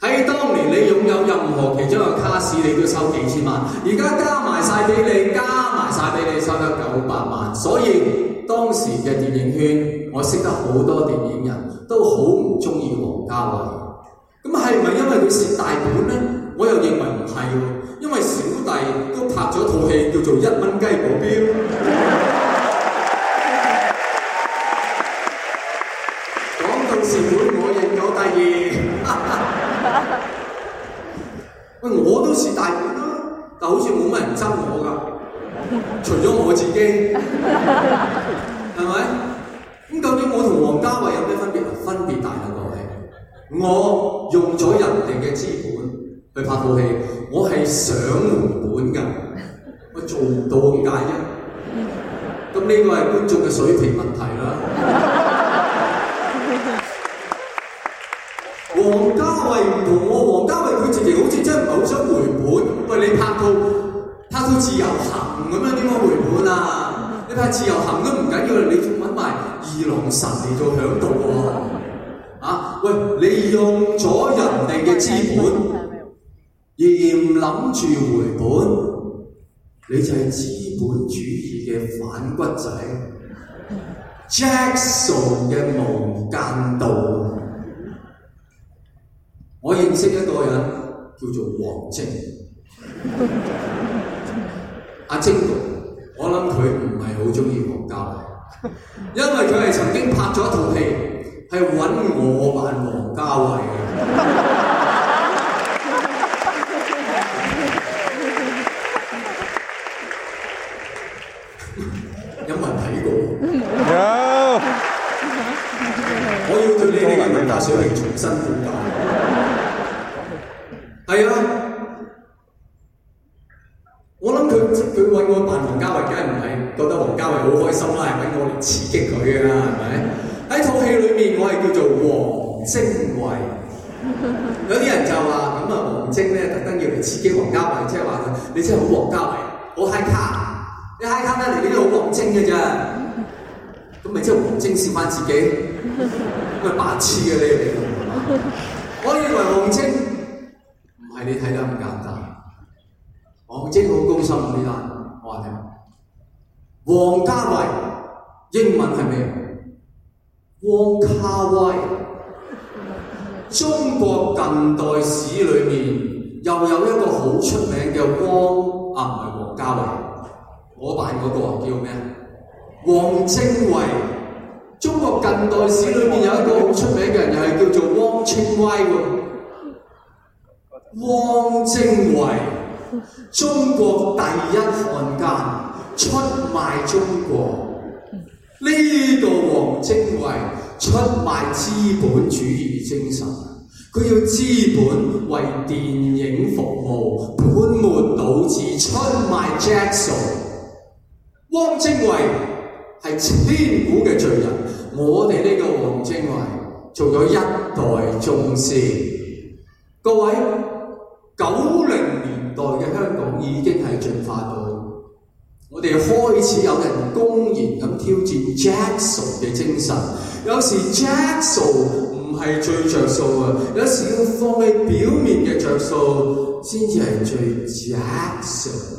喺 <laughs> 當年你擁有任何其中個卡士，你都收幾千萬。而家加埋晒俾你，加埋晒俾你，收得九百萬。所以當時嘅電影圈，我識得好多電影人都好唔中意王家衛。咁係咪因為佢蝕大本呢？我又認為唔係。因為小弟都拍咗一套戲叫做《一蚊雞保鏢》，講到蝕本，我認咗第二，喂，我都蝕大本啦，但係好似冇乜人爭我㗎，除咗我自己，係咪？咁究竟我同王家衞有咩分別？分別大嘅。各位，我用咗人哋嘅資本。去拍套戲，我係想回本㗎，我做到咁解啫。咁呢個係觀眾嘅水平問題啊！王家衛唔同我，王家衛佢直情好似真係唔係好想回本。喂，你拍到拍到自由行咁樣點樣回本啊？你拍自由行都唔緊要，你仲搵埋二郎神嚟做響度喎。啊，喂，你用咗人哋嘅資本。而唔諗住回本，你就係資本主義嘅反骨仔，Jackson 嘅無間道。我認識一個人叫做王晶， <laughs> 阿晶，我諗佢唔係好中意王家衛，因為佢係曾經拍咗一套戲，係揾我扮王家衛。 <laughs> 打小戲重新演講，係啊！我諗佢佢揾我扮王家衞，梗係唔係覺得王家衞好開心啦？係揾我嚟刺激佢嘅啦？係咪喺套戲裏面，我係叫做王晶衞。有啲人就話：咁啊，王晶咧特登要嚟刺激王家衞，即係話你真係好王家衞，好 high 卡，你 high 卡得嚟啲好王晶嘅咋？咁咪即係王晶笑翻自己。佢白痴嘅你嚟嘅，我認為王晶唔係你睇得咁簡單，王晶好高深嘅呢單，我話你。王家衞英文係咩？王家衞。中國近代史裏面又有一個好出名嘅汪，啊唔係王家衞，我扮嗰個叫咩啊？王晶衞。中國近代史裏面有一個好出名嘅人，又係叫做汪精衛喎。汪精衛，中國第一漢奸，出賣中國。呢個汪精衛出賣資本主義精神，佢要資本為電影服務，本末倒置，出賣 Jackson。汪精衛。係千古嘅罪人，我哋呢個王精華做咗一代宗師。各位，九零年代嘅香港已經係進化到，我哋開始有人公然咁挑戰 Jackson 嘅精神。有時 Jackson 唔係最著數啊，有時要放棄表面嘅著數，先至係最 Jackson。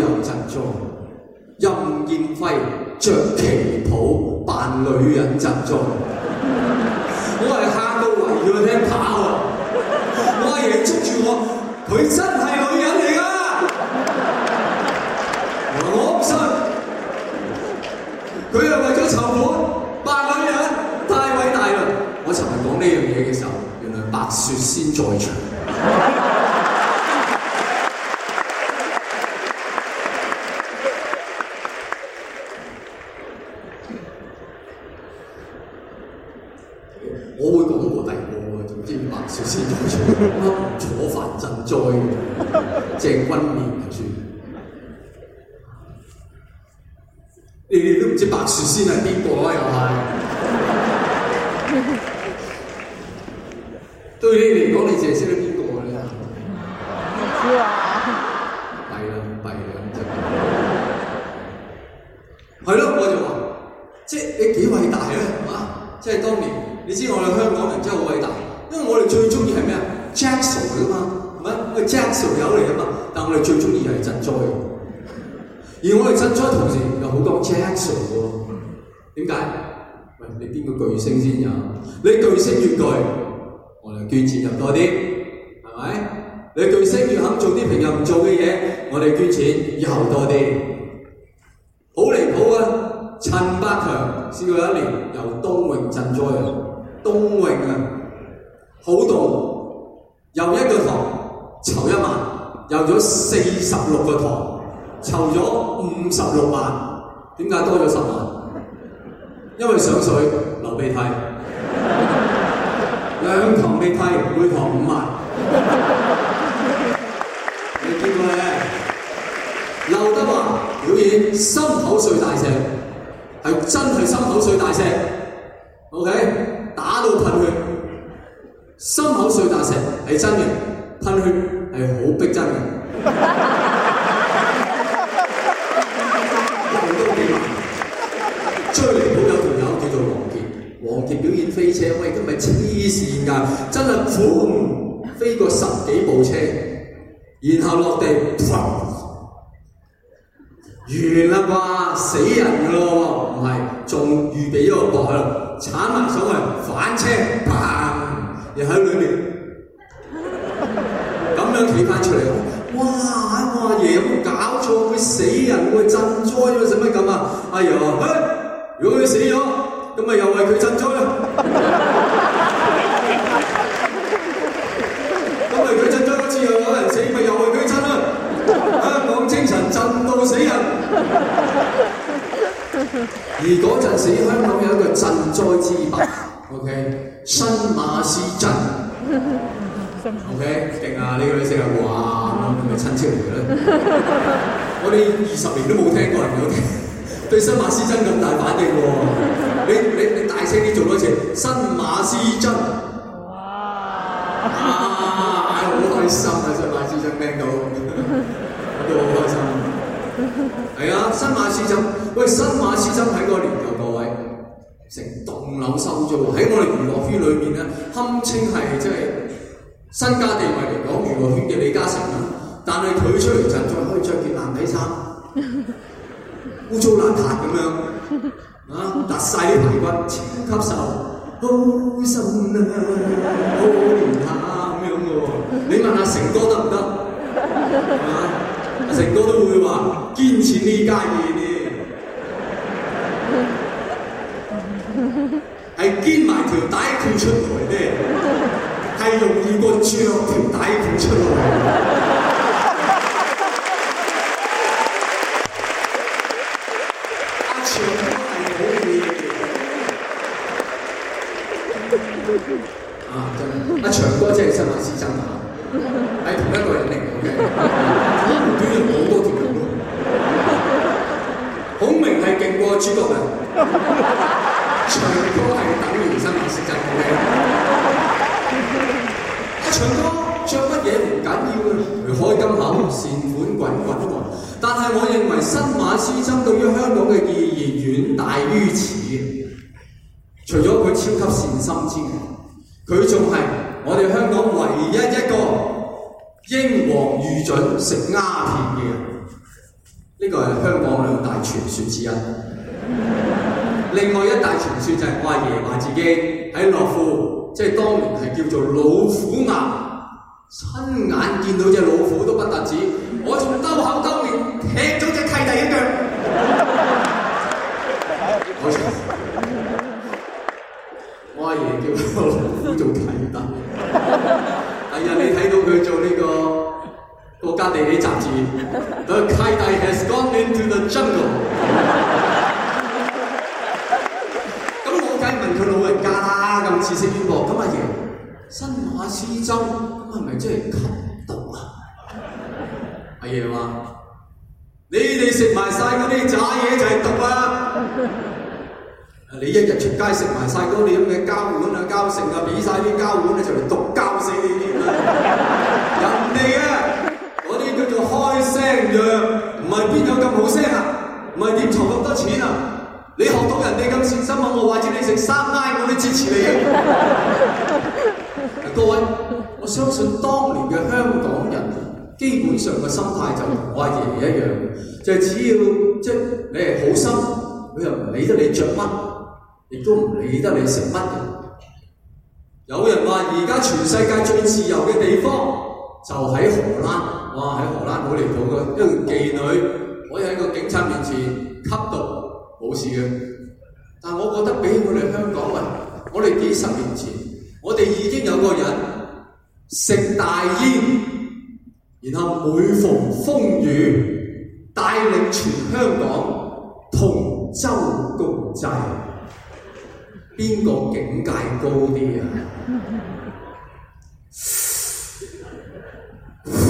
有賑災，任劍輝着旗袍扮女人賑災，我係黑屋圍住佢聽跑啊！我阿爺捉住我，佢真係女人嚟㗎，我唔信。佢係為咗籌款扮女人，太偉大啦！我尋日講呢樣嘢嘅時候，原來白雪仙在場。你哋都唔知白雪仙係邊個啊？又係 <laughs> <laughs> 對你嚟講，你淨係識得邊個啊？你啊， <laughs> 超啊，弊啦，弊啦，就是，真係係咯，我就話，即係你幾偉大啊，係嘛？即係當年，你知我哋香港人真係好偉大，因為我哋最中意係咩啊？Jack 啊嘛，係咪？佢 Jack 友嚟啊嘛，但係我哋最中意係賑災。而我哋賑災同時有好多 Jack 叔喎，點解？喂，你邊個巨星先有？你巨星越巨，我哋捐錢又多啲，係咪？你巨星越肯做啲平日唔做嘅嘢，我哋捐錢又多啲。好離譜啊！陳百強試過有一年由東榮賑災啊，東榮啊，好凍，又一個堂籌一萬，有咗四十六個堂。籌咗五十六萬，點解多咗十萬？因為上水流鼻涕，兩堂鼻涕每堂五萬。你見過咧？劉德華表演心口碎大石，係真係心口碎大石。OK，打到噴血，心口碎大石係真嘅，噴血係好逼真嘅。佢表演飛車，喂，咁咪黐線㗎！真係噗飛過十幾部車，然後落地，噗，完啦啩，死人㗎咯！唔係，仲預備一個博喎，鏟埋上去反車，砰！又喺裏面咁 <laughs> 樣企翻出嚟喎，哇！我阿爺，有冇搞錯，會死人，會震災，使乜咁啊？哎呀、哎，如果佢死咗～咁咪又為佢賑災？咁咪佢賑災嗰次又有啲人死，咪又為佢震啊！啊，香港精神震到死人。而嗰陣時，香港有一個賑災之白，OK，新馬師曾。OK，正啊，呢個女仔啊，哇，咁你咪親戚嚟咧？我哋二十年都冇聽過人講。對新馬師曾咁大反應喎， <laughs> 你你你大聲啲做多次，新馬師曾，哇啊啊、哎，好開心 <laughs> 啊！新馬師曾，聽到，我都好開心。係啊，新馬師曾，喂，新馬師曾喺嗰年頭，各位成棟樓收租喺我哋娛樂圈裏面咧，堪稱係即係身家地位嚟講，娛樂圈嘅李嘉誠。但係佢出嚟陣，再可以着件爛底衫。 <laughs> 污糟邋遢咁樣，啊，凸曬啲排骨，超級瘦，好心啊，好面啊，咁樣嘅喎，你問阿成哥得唔得？係嘛，阿成哥都會話堅持呢家嘢咧，係堅埋條底褲跳出嚟咧，係容易過著條底褲跳出嚟。師生下，係同一個人嚟嘅，無端端好多條路。孔明係勁過諸葛亮，長哥係等於新馬師曾，寫就好嘅。啊，長哥着乜嘢唔緊要嘅，佢開金口，善款滾滾滾。但係，我認為新馬師曾對於香港嘅意義遠大於此。除咗佢超級善心之外，佢仲係，我哋香港唯一一個英皇御準食鴉片嘅人，呢、這個係香港兩大傳説之一。 <laughs> 另外一大傳説就係怪阿爺話自己喺樂富，即係當年係叫做老虎岩，親眼見到隻老虎都不單止，我仲兜口兜面踢咗隻契弟一腳。阿爺叫個老虎做契弟，係啊！你睇到佢做呢個國家地理雜誌，等契弟 has gone into the jungle。咁我梗係問佢老人家啦，咁似識淵博咁啊！爺，新馬斯州咁係咪真係吸毒啊？阿爺話：你哋食埋曬嗰啲渣嘢就係毒啦！你一日出街食埋曬嗰啲咩膠碗啊、膠盛啊、俾曬啲膠碗咧，就嚟毒膠死你添啦！人哋啊，嗰啲叫做開聲藥，唔係邊有咁好聲啊？唔係點籌咁多錢啊？你學到人哋咁善心啊？我話知你食沙拉，我都支持你啊！各位，我相信當年嘅香港人基本上嘅心態就同我阿爺爺一樣，就係只要即係你係好心，佢又唔理得你著乜。亦都唔理得你食乜嘢。有人話：而家全世界最自由嘅地方就喺荷蘭。哇！喺荷蘭好離譜嘅，一個妓女可以喺個警察面前吸毒冇事嘅。但我覺得比起我哋香港啊，我哋幾十年前，我哋已經有個人食大煙，然後每逢風雨，帶領全香港同舟共濟。邊個境界高啲啊？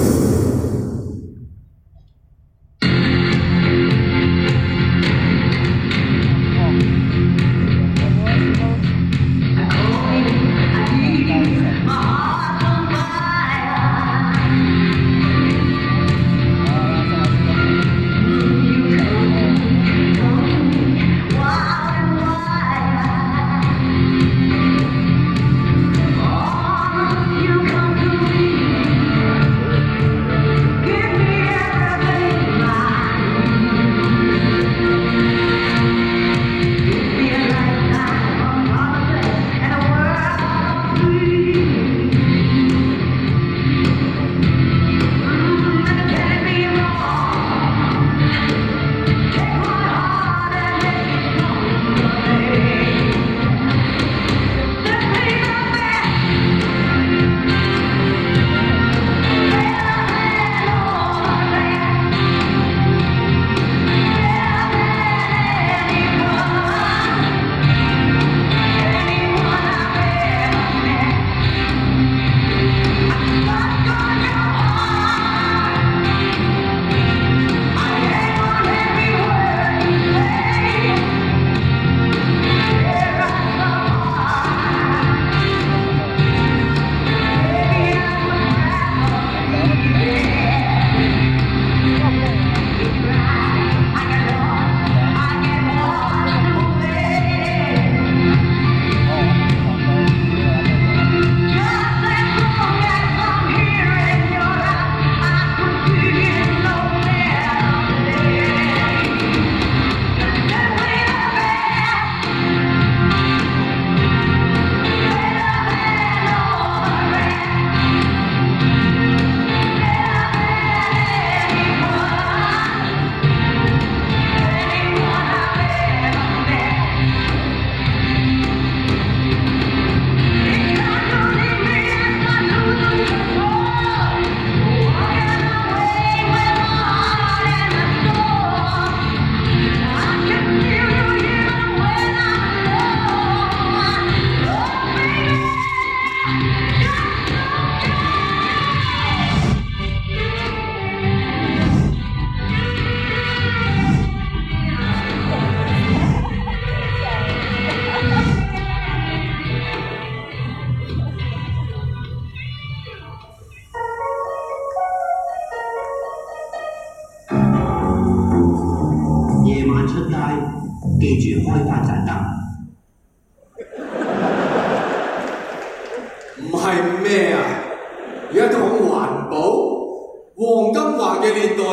<laughs> <laughs> 嘅年代，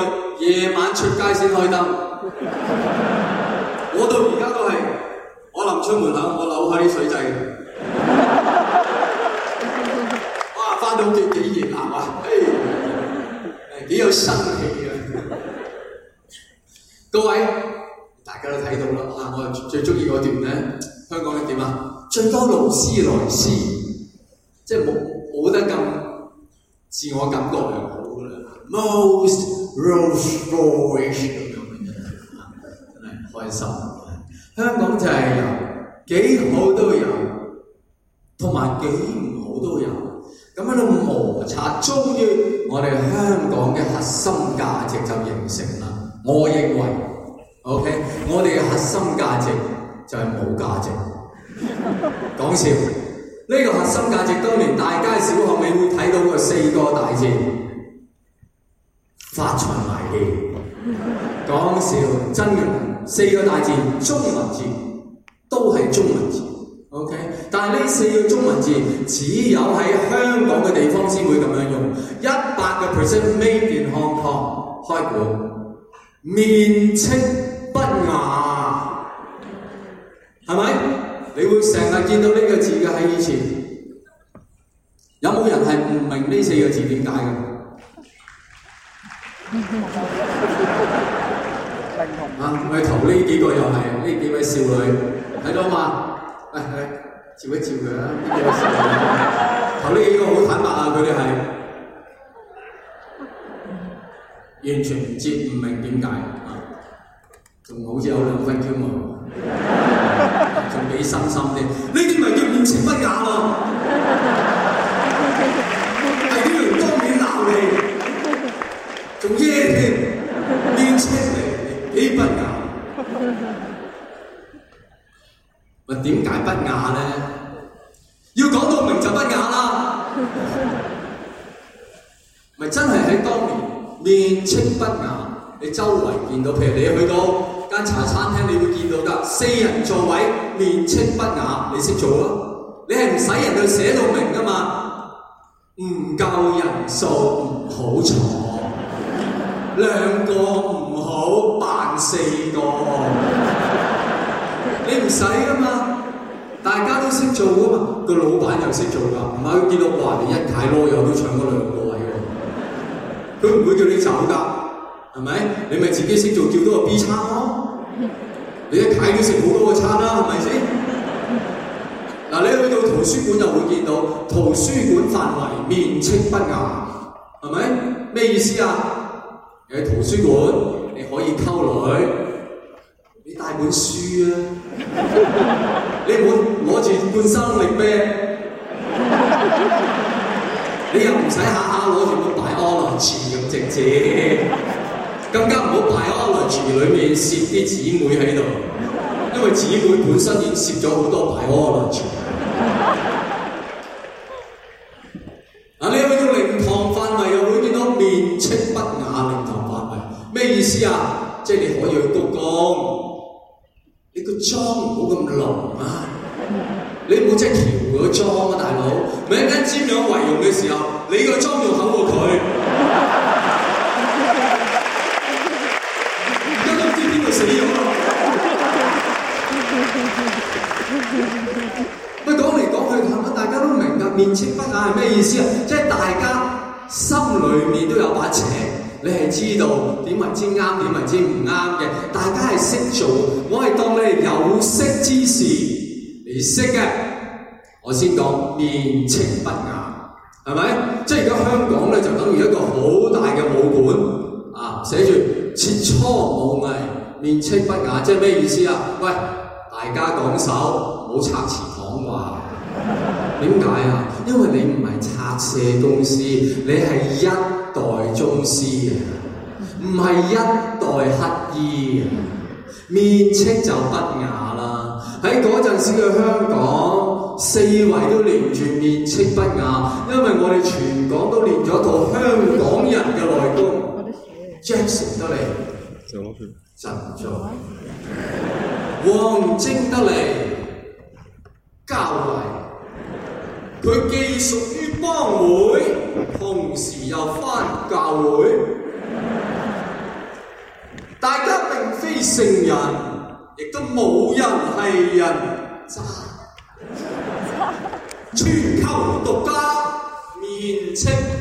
夜晚出街先開燈。我到而家都係，我臨出門口，我扭開啲水掣。哇，翻到幾幾熱鬧啊！誒，幾有生氣啊！各位，大家都睇到啦。啊，我最最中意嗰段咧，香港係點啊？最多勞斯萊斯，即係冇冇得咁自我感覺嘅。most rose 咁樣嘅，真係開心。香港就係有幾好都有，同埋幾唔好都有。咁喺度摩擦，終於我哋香港嘅核心價值就形成啦。我認為，OK，我哋嘅核心價值就係冇價值。 <laughs> <laughs> 講笑，呢、呢個核心價值當年，大街小巷你會睇到個四個大字。發財賣記，講笑真嘅。四個大字，中文字，都係中文字。OK，但係呢四個中文字，只有喺香港嘅地方先會咁樣用。一百個 percent，made in Hong Kong，開估，面斥不雅。係咪？你會成日見到呢個字嘅，喺以前，有冇人係唔明呢四個字點解嘅？ <laughs> 明明明 <laughs> 啊！去投呢幾個又係呢幾位少，哎啊、少女，睇到嘛？喂，照一照佢啊！呢幾位少女，投呢幾個好坦白啊！佢哋係完全唔知，唔明點解啊？仲好似有兩分驕傲，仲俾心心啲，呢啲咪叫言情不假咯，啊？咪點解不雅咧？要講到明就不雅啦。咪真係喺當年面青不雅，你周圍見到，譬如你去到間茶餐廳，你會見到㗎，四人座位面青不雅，你識做咯。你係唔使人去寫到明㗎嘛？唔夠人數好嘈。兩個唔好扮四個， <laughs> 你唔使㗎嘛，大家都識做㗎嘛，個老闆又識做㗎，唔係佢見到話你一睇攞有都唱過兩個佢唔 <laughs> 會叫你走㗎，係咪？你咪自己識做叫多個 B 餐咯，啊，你一睇都食好多個餐啦，啊，係咪先？嗱， <laughs> 你去到圖書館就會見到圖書館範圍面積不夠，係咪？咩意思啊？喺圖書館你可以溝女，你帶本書啊！你本攞住半生緣咩？你又唔使下下攞住本 biology 咁直接，更加唔好 biology 裏面攝啲姊妹喺度，因為姊妹本身已經攝咗好多 biology。啊！你去到靈堂範圍又會見到面青。咩意思啊？即係你可以去鞠躬，你個妝唔好咁濃啊！你唔好即係調嗰個妝啊，大佬！咪一間瞻仰遺容嘅時候，你個妝仲好過佢。而家都唔知邊個死咗咯！咪講嚟講去，我諗大家都明白面青不雅係咩意思啊？即係大家心裏面都有把尺。你係知道點為之啱，點為之唔啱嘅？大家係識做，我係當你係有識之士你識嘅。我先講面斥不雅，係咪？即係而家香港咧，就等於一個好大嘅武館啊！寫住切磋武藝，面斥不雅，即係咩意思啊？喂，大家講手，唔好拆詞講話。點解啊？因為你唔係拆卸公司，你係一。代宗師唔係一代乞衣，面青就不雅啦。喺嗰陣時嘅香港，四圍都連住面青不雅，因為我哋全港都練咗套香港人嘅內功。張成得嚟，贊助。王晶得嚟，交誼。佢既屬於幫會，同時又。聖人亦都冇人係人渣，全球獨家面清。年青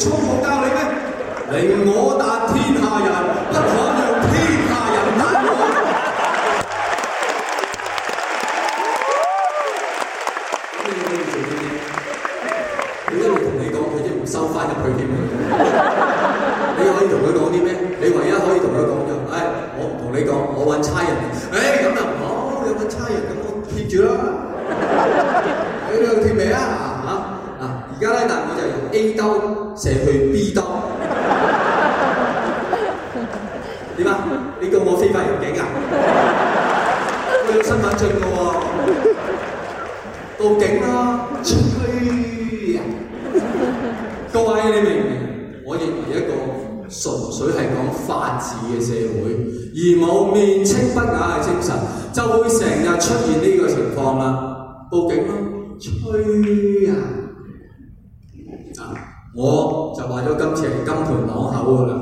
曹操教你咩？寧我打天下人，不可讓天下人打我。點解要同你講？佢亦唔收翻入去添。你可以同佢講啲咩？你唯一可以同佢講就係：我唔同你講，我揾差人。法治嘅社會，而冇面清不假嘅精神，就會成日出現呢個情況啦。報警啦、啊，吹啊！啊，我就話咗今次係金盆浪口噶啦，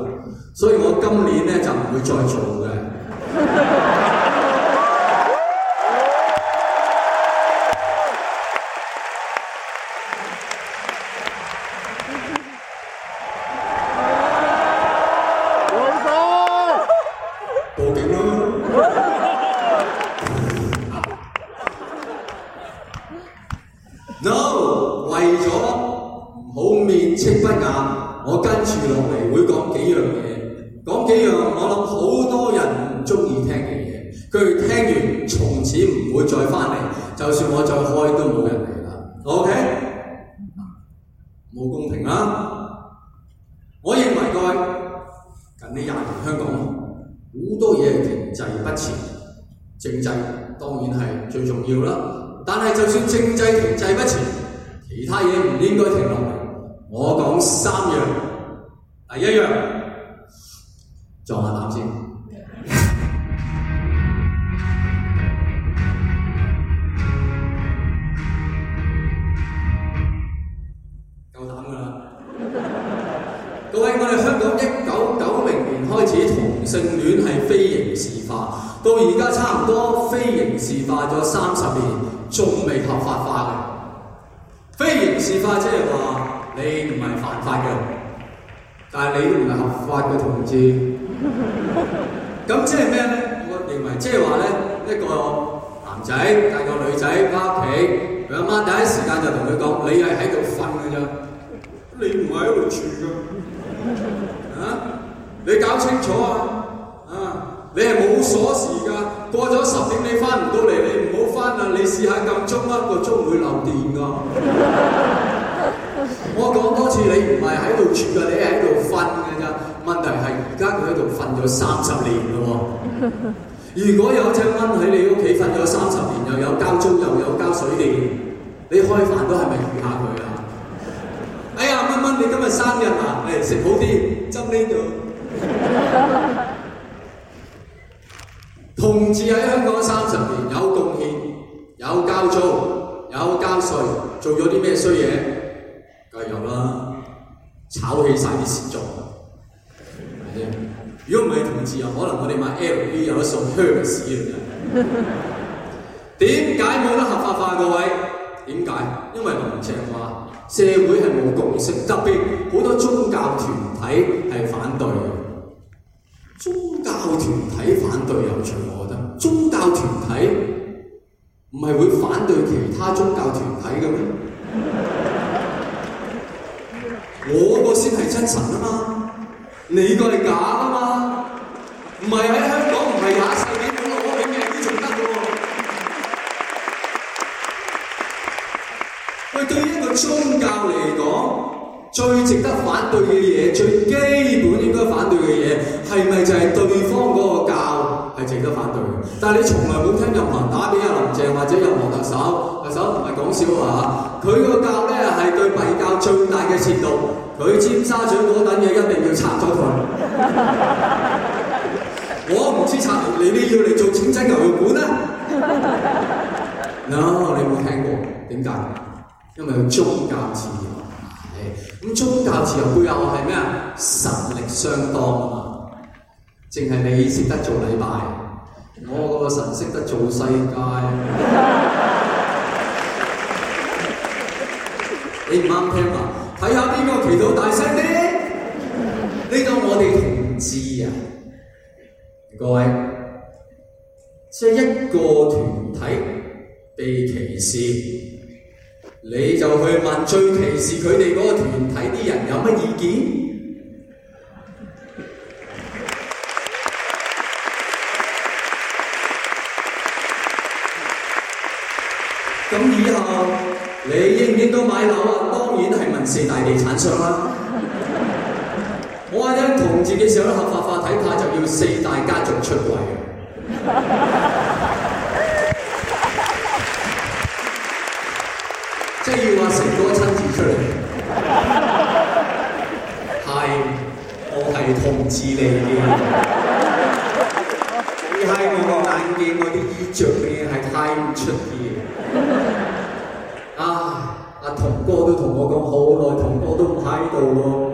所以我今年咧就唔會再做嘅。 <laughs> 你唔啱聽嘛？睇下邊個渠道大聲啲？呢度我哋同志啊，各位，即係一個團體被歧視，你就去問最歧視佢哋嗰個團體啲人有乜意見？四大地產商啦、啊， <laughs> 我話咧，同志嘅時候合法化睇怕就要四大家族出位， <laughs> <laughs> 即係要話成哥親自出嚟，係 <laughs> 我係同志嚟嘅， <laughs> <laughs> 你喺我個眼鏡嗰啲衣着，你面係睇唔出嘅。 <laughs> 同哥都同我講好耐，同哥都唔喺度喎，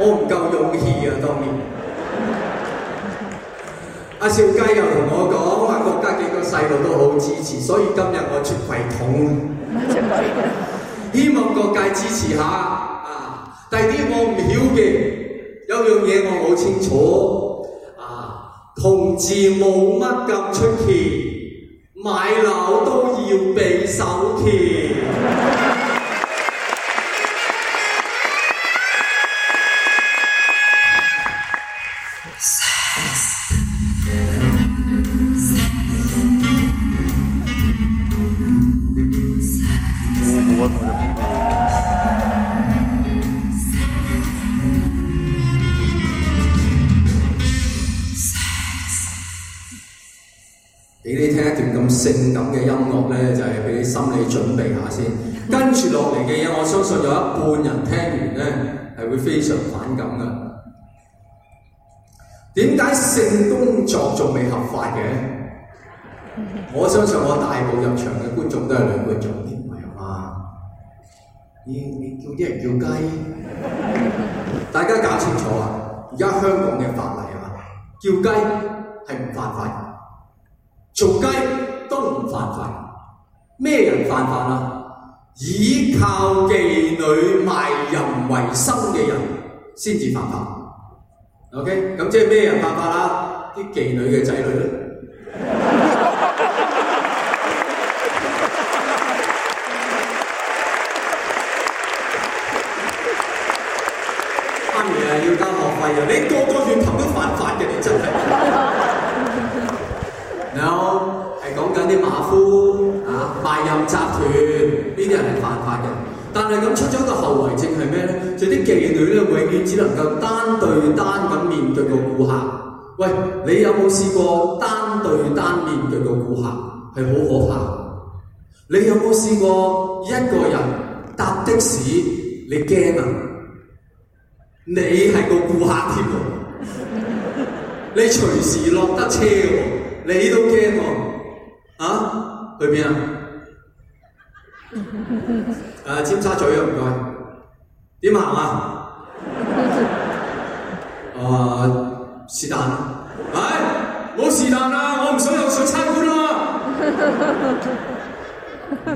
<laughs> 我唔夠勇氣啊！當年阿少雞又同我講話， <laughs> 國家幾個細路都好支持，所以今日我出櫃筒， <laughs> <laughs> 希望各界支持下啊！第二我唔曉嘅有樣嘢我好清楚啊，同志冇乜咁出奇。買樓都要畀首期。非常反感㗎，點解性工作仲未合法嘅？我相信我大部入場嘅觀眾都係兩句做嘅，係嘛？你你叫啲人叫雞，大家搞清楚啊！而家香港嘅法例啊，叫雞係唔犯法，做雞都唔犯法，咩人犯法啊？依靠妓女賣淫為生嘅人先至犯法。OK，咁即係咩人犯法啦？啲妓女嘅仔女啦。媽咪啊，要交學費啊！你個。但係咁出咗個後遺症係咩咧？就啲妓女咧，永遠只能夠單對單咁面對個顧客。喂，你有冇試過單對單面對個顧客係好可怕？你有冇試過一個人搭的士？你驚啊！你係個顧客添喎， <laughs> 你隨時落得車喎，你都驚喎。啊，去邊啊？ <laughs> 誒尖沙咀啊，唔該，點行啊？誒是但，喂，冇是但啊！我唔想有水參觀啊！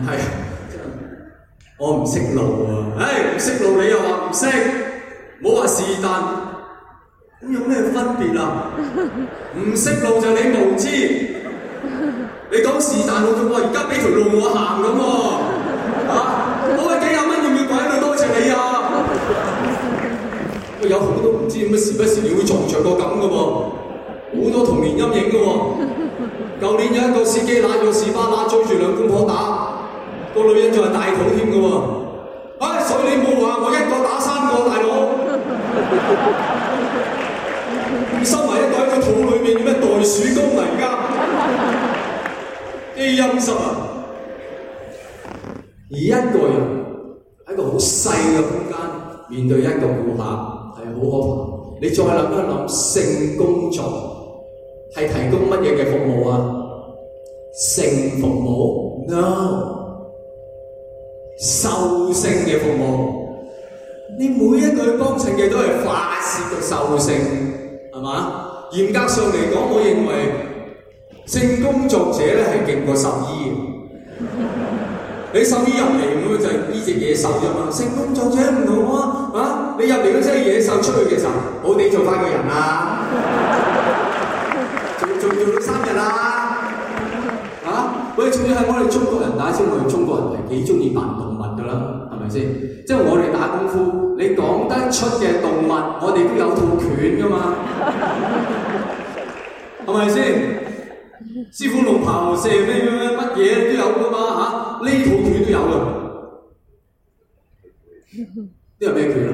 係，我唔識路喎。誒唔識路，你又話唔識，冇話是但，咁有咩分別啊？唔識路就你無知，你講是但，我仲話而家俾條路我行咁喎。我哋幾廿蚊要唔要拐你？多謝你啊！喂，有好多唔知點乜事，不時你會撞著個咁嘅噃，好多童年陰影嘅喎。舊年有一個司機拉住個士巴拿追住兩公婆打，個女人仲係大肚添嘅喎。哎，所以你冇話我一個打三個，大佬。收埋一個喺個肚裏面，叫咩袋鼠工嚟㗎？啲陰濕啊！而一個人喺個好細嘅空間面對一個顧客係好可怕。你再諗一諗，性工作係提供乜嘢嘅服務啊？性服務？No，獸性嘅服務。你每一個去幫襯嘅都係發泄嘅獸性，係嘛？嚴格上嚟講，我認為性工作者咧係勁過獸醫。 <laughs> 你獸醫入嚟咁樣就呢隻野獸入啊，成功作者唔同啊，啊！你入嚟嗰隻野獸出去嘅時候，我哋做翻個人啦，仲仲叫咗三日啊，啊！喂，重要係我哋中國人打先，我哋中國人係幾中意扮動物噶啦，係咪先？即係我哋打功夫，你講得出嘅動物，我哋都有套拳噶嘛，係咪先？師傅龍、豹、蛇咩咩咩，乜嘢都有噶嘛，嚇！啊呢套拳都有嘅，呢個咩拳啊？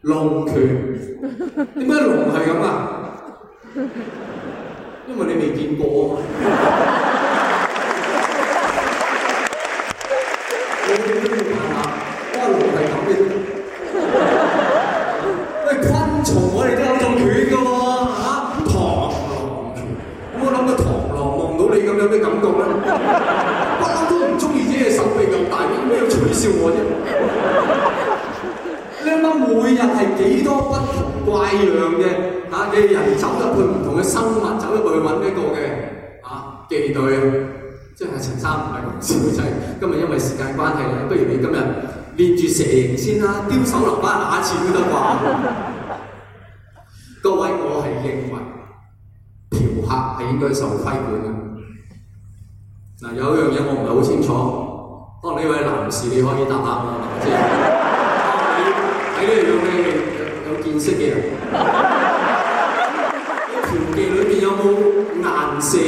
龍拳，點解龍係咁啊？因為你未見過啊嘛。我點都要打下，因為龍係咁嘅。喂，昆蟲我哋都～笑我啫！你諗下每日係幾多不同怪樣嘅嚇嘅人走入去，唔同嘅生物走入去揾呢個嘅嚇妓女，即係陳生唔係黃小姐。今日因為時間關係咧，不如你今日練住蛇形先啦，丟手榴彈打錢都得啩。各位，我係認為嫖客係應該受規管嘅。嗱，有一樣嘢我唔係好清楚。哦，呢位男士你可以答答，啊嘛，睇、 <laughs> 嗯、你有咩有見識嘅人，啲條 <laughs> <laughs> 件裏面有冇顏色？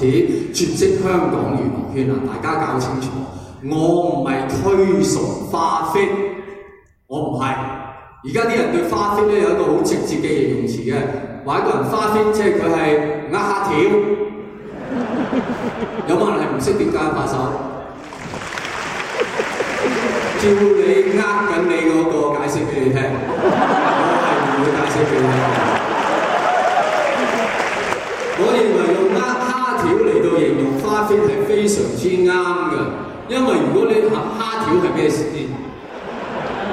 絕跡香港娛樂圈啊！大家搞清楚，我唔係推崇花飛，我唔係。而家啲人對花飛咧有一個好直接嘅形容詞嘅，玩個人花飛即係佢係呃下條，有冇人係唔識點解拍手？照你呃緊你嗰個解釋俾你聽，我係唔會解釋俾你聽。我認為。用花飛係非常之啱㗎，因為如果你嚇蝦條係咩先？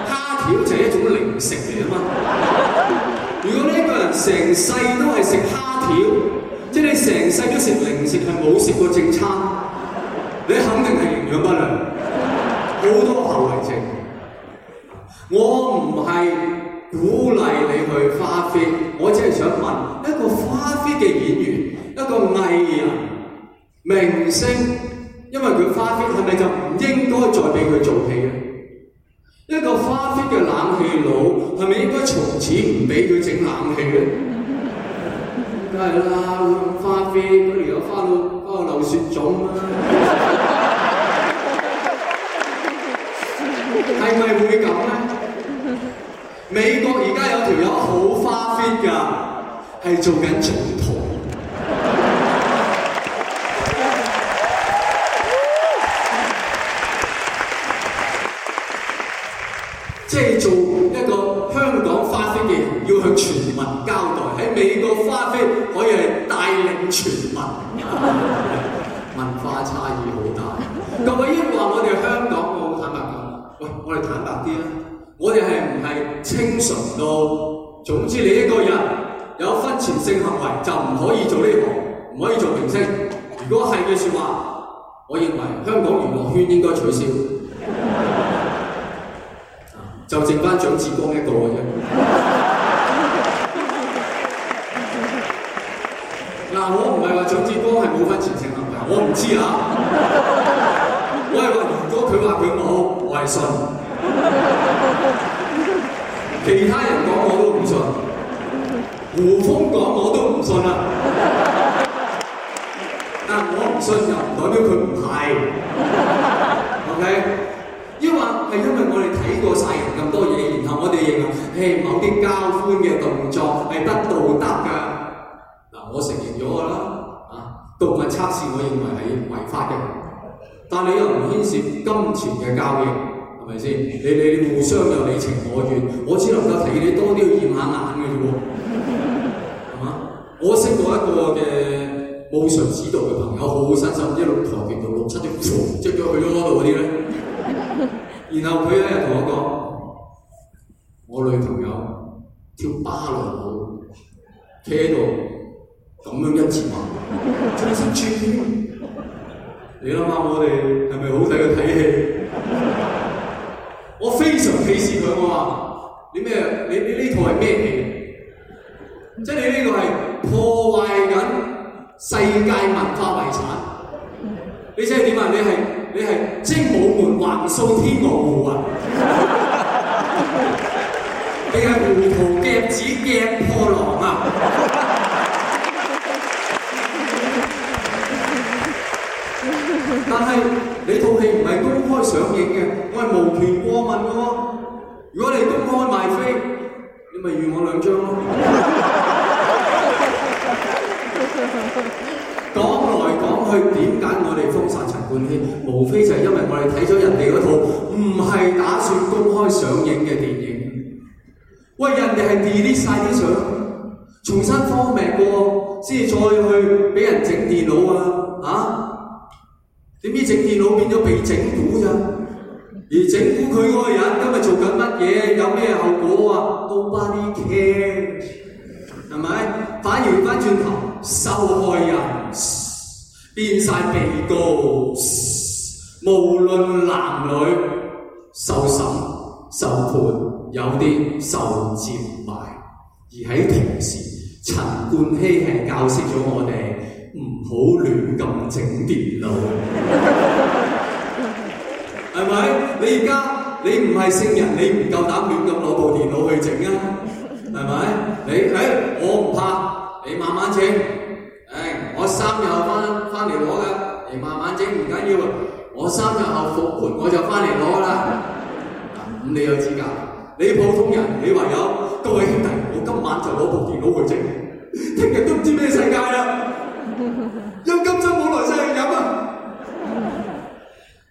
蝦條就係一種零食嚟啊嘛。如果呢一個人成世都係食蝦條，即係你成世都食零食，係冇食過正餐，你肯定係營養不良，好多後遺症。我唔係鼓勵你去花飛，我只係想問一個花飛嘅演員，一個藝人。明星，因為佢花 fit，係咪就唔應該再俾佢做戲啊？一個花 fit 嘅冷氣佬，係咪應該從此唔俾佢整冷氣咧？梗係啦，花 fit 不如有花佬包流雪種啦。係咪會咁咧？美國而家有條友好花 fit 㗎，係做緊總統。即係做一個香港花飛嘅要向全民交代，喺美國花飛可以係帶領全民。 <laughs> 文化差異好大。各位話：我哋香港，我好坦白講，喂，我哋坦白啲啦，我哋係唔係清純到？總之你一個人有婚前性行為就唔可以做呢行，唔可以做明星。如果係嘅説話，我認為香港娛樂圈應該取消。 <laughs> 就剩翻蔣志光一個啫。嗱、 <laughs> 啊，我唔係話蔣志光係冇翻前程問題，我唔知啊。我係話如果佢話佢冇，我係信。其他人講我都唔信，胡風講我都唔信啦。但我唔信又唔代表佢唔係，OK？因為係因為我哋睇過曬人咁多嘢，然後我哋認為，誒某啲交歡嘅動作係不道德㗎。嗱，我承認咗㗎啦。啊，動物測試我認為係違法嘅，但係你又唔牽涉金錢嘅交易，係咪先？你你哋互相有你情我願，我只能夠睇你多啲驗下眼嘅啫喎。係嘛？我識過一個嘅武術指導嘅朋友，好好身手，一路跆拳道六七條，即係去咗嗰度嗰啲咧。然後佢呢同我講， <noise> 我女朋友跳芭蕾舞，企喺度咁樣一字馬，全身 <laughs> 心穿， <laughs> 你諗下我哋係咪好睇佢睇戲？ <laughs> 我非常鄙視佢，我話你咩？你咩你呢套咩戲？即係你呢個係破壞緊世界文化遺產， <laughs> 你知係點啊？你係。你係精武門橫掃天鵝湖啊！你係胡桃夾子夾破狼啊！但係你套戲唔係公開上映嘅，我係無權過問嘅喎。如果你公開賣飛，你咪預我兩張咯。講來講去，點解我哋封殺陳冠希？無非就係因為我哋睇咗人哋嗰套唔係打算公開上映嘅電影。喂，人哋係 delete 曬啲相，重新 format 過，先至再去俾人整電腦啊！嚇？點知整電腦變咗被整蠱㗎？而整蠱佢嗰個人，今日做緊乜嘢？有咩後果啊？Nobody cares，係咪？反而翻轉頭。受害人變晒被告，無論男女受審受判，有啲受折住埋。而喺同時，陳冠希係教識咗我哋唔好亂咁整電腦，係咪？ <laughs> 你而家你唔係聖人，你唔夠膽亂咁攞部電腦去整啊？係咪？你誒、欸、我唔怕，你慢慢整。我三日後復盤，我就翻嚟攞啦。咁你有資格？你普通人，你唯有各位兄弟，我今晚就攞部電腦去整，聽日都唔知咩世界啦。因今周冇來世飲啊！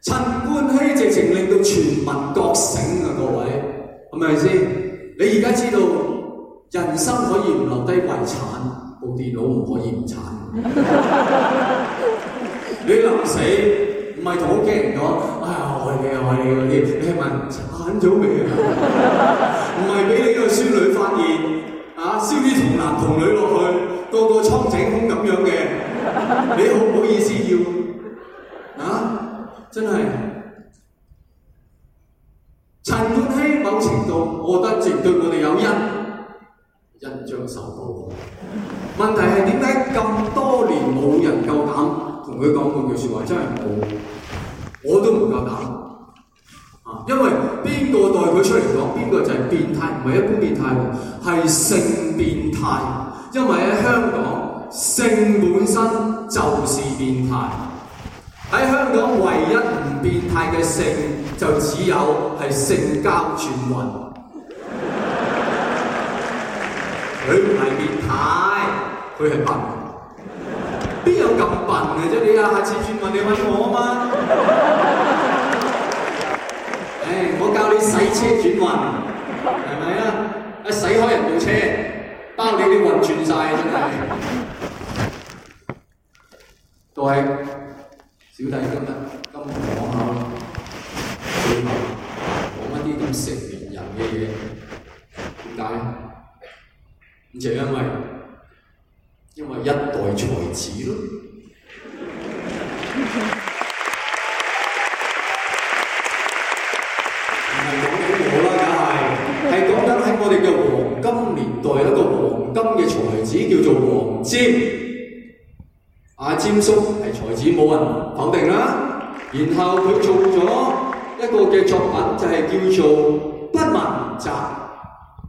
陳冠希直情令到全民覺醒啊！各位，係咪先？你而家知道人生可以唔留低遺產，部電腦唔可以唔鏟。你臨死，唔係同屋企人講，哎呀愛你又愛你嗰啲，你係咪慘咗未啊？唔係俾你個孫女發現啊，燒啲童男童女落去，個個蒼井空咁樣嘅，你好唔好意思要啊？真係，陳冠希某程度我覺得對我哋有恩，恩將仇報。問題係點解咁多年冇人夠膽？佢講嗰句説話真係冇，我都唔夠膽啊！因為邊個代佢出嚟講，邊個就係變態，唔係一般變態，係性變態。因為喺香港，性本身就是變態。喺香港，唯一唔變態嘅性就只有係性交傳聞。佢唔係變態，佢係白。邊有咁笨嘅啫？你啊，下次轉運你問我啊嘛！誒，我教你洗車轉運，係咪啊？一洗開一部車，包你啲運轉曬，真係。各位，小弟今日今日講下，最後講一啲咁成年人嘅嘢，點解呢，就因為。因為一代才子咯，唔係講緊我啦，梗係係講緊喺我哋嘅黃金年代一個黃金嘅才子叫做黃霑，阿霑叔係才子，冇人否定啦。然後佢做咗一個嘅作品，就係叫做《不文集》。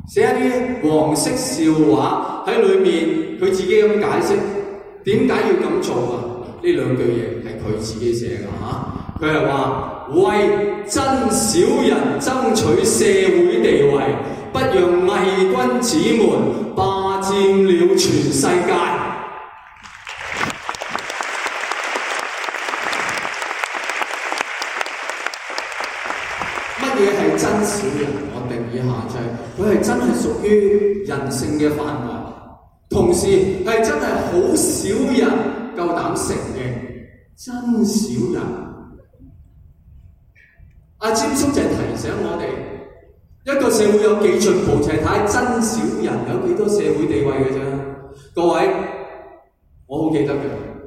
寫一啲黃色笑話喺裏面，佢自己咁解釋點解要咁做啊？呢兩句嘢係佢自己寫㗎嚇，佢係話為真小人爭取社會地位，不讓偽君子們霸佔了全世界。人性嘅範圍，同時係真係好少人夠膽食嘅，真少人。阿詹叔就提醒我哋，一個社會有幾盡豪財太真少人，有幾多社會地位嘅啫。各位，我好記得嘅，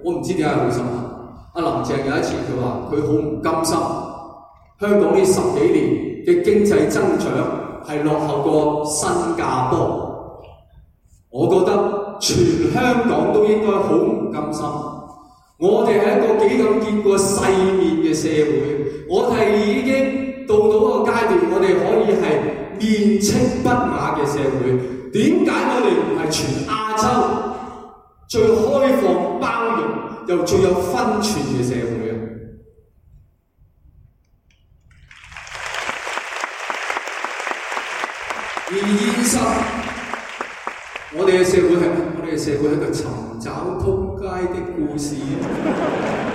我唔知點解好深刻。阿林鄭有一次佢話，佢好唔甘心，香港呢十幾年嘅經濟增長。係落後過新加坡，我覺得全香港都應該好唔甘心。我哋係一個幾咁見過世面嘅社會，我哋已經到到個階段，我哋可以係面青不雅嘅社會。點解我哋唔係全亞洲最開放、包容又最有分寸嘅社會？嘅社會，係我哋嘅社會係一個尋找撲街的故事，啊。 <laughs> <laughs>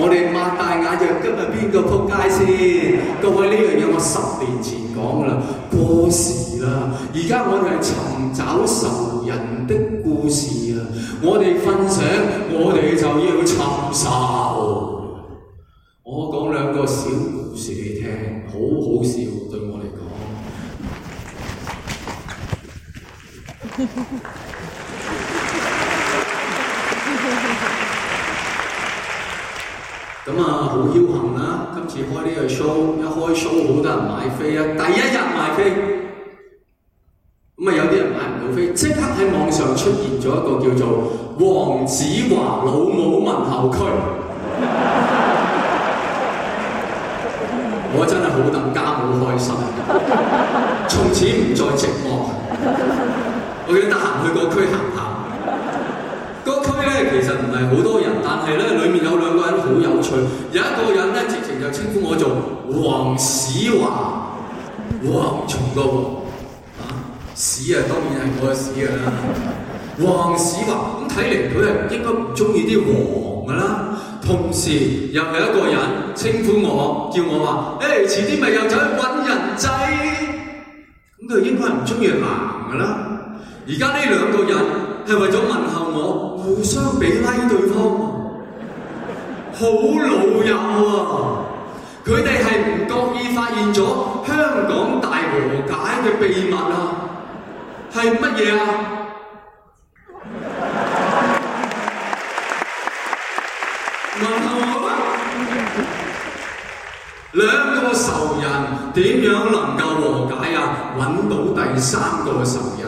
我哋擘大眼就今日邊個撲街先？各位，呢樣嘢我十年前講㗎啦，過時啦。而家我哋係尋找仇人的故事啊！我哋瞓醒，我哋就要尋仇。我講兩個小故事你聽，好好笑。咁 <laughs> 啊，好僥倖啊！今次開呢個 show，一開 show 好多人買飛啊，第一日買飛，咁啊有啲人買唔到飛，即刻喺網上出現咗一個叫做黃子華老母問候區， <laughs> <laughs> 我真係好等家母開心，啊，從此唔再寂寞。 <laughs> 我記得得閒去個區行下，個區咧其實唔係好多人，但係咧裡面有兩個人好有趣。有一個人咧，直情就稱呼我做黃史華，好重個啊，史啊當然係我嘅史噶啦。黃史華咁睇嚟，佢係應該唔中意啲黃噶啦。同時又有一個人稱呼我，叫我話：，誒、欸、遲啲咪又走去揾人仔。咁佢應該係唔中意男噶啦。而家呢兩個人係為咗問候我，互相比拉對方，好 <laughs> 老友啊！佢哋係唔覺意發現咗香港大和解嘅秘密啊！係乜嘢啊？ <laughs> 問候我啦！兩個仇人點樣能夠和解啊？揾到第三個仇人。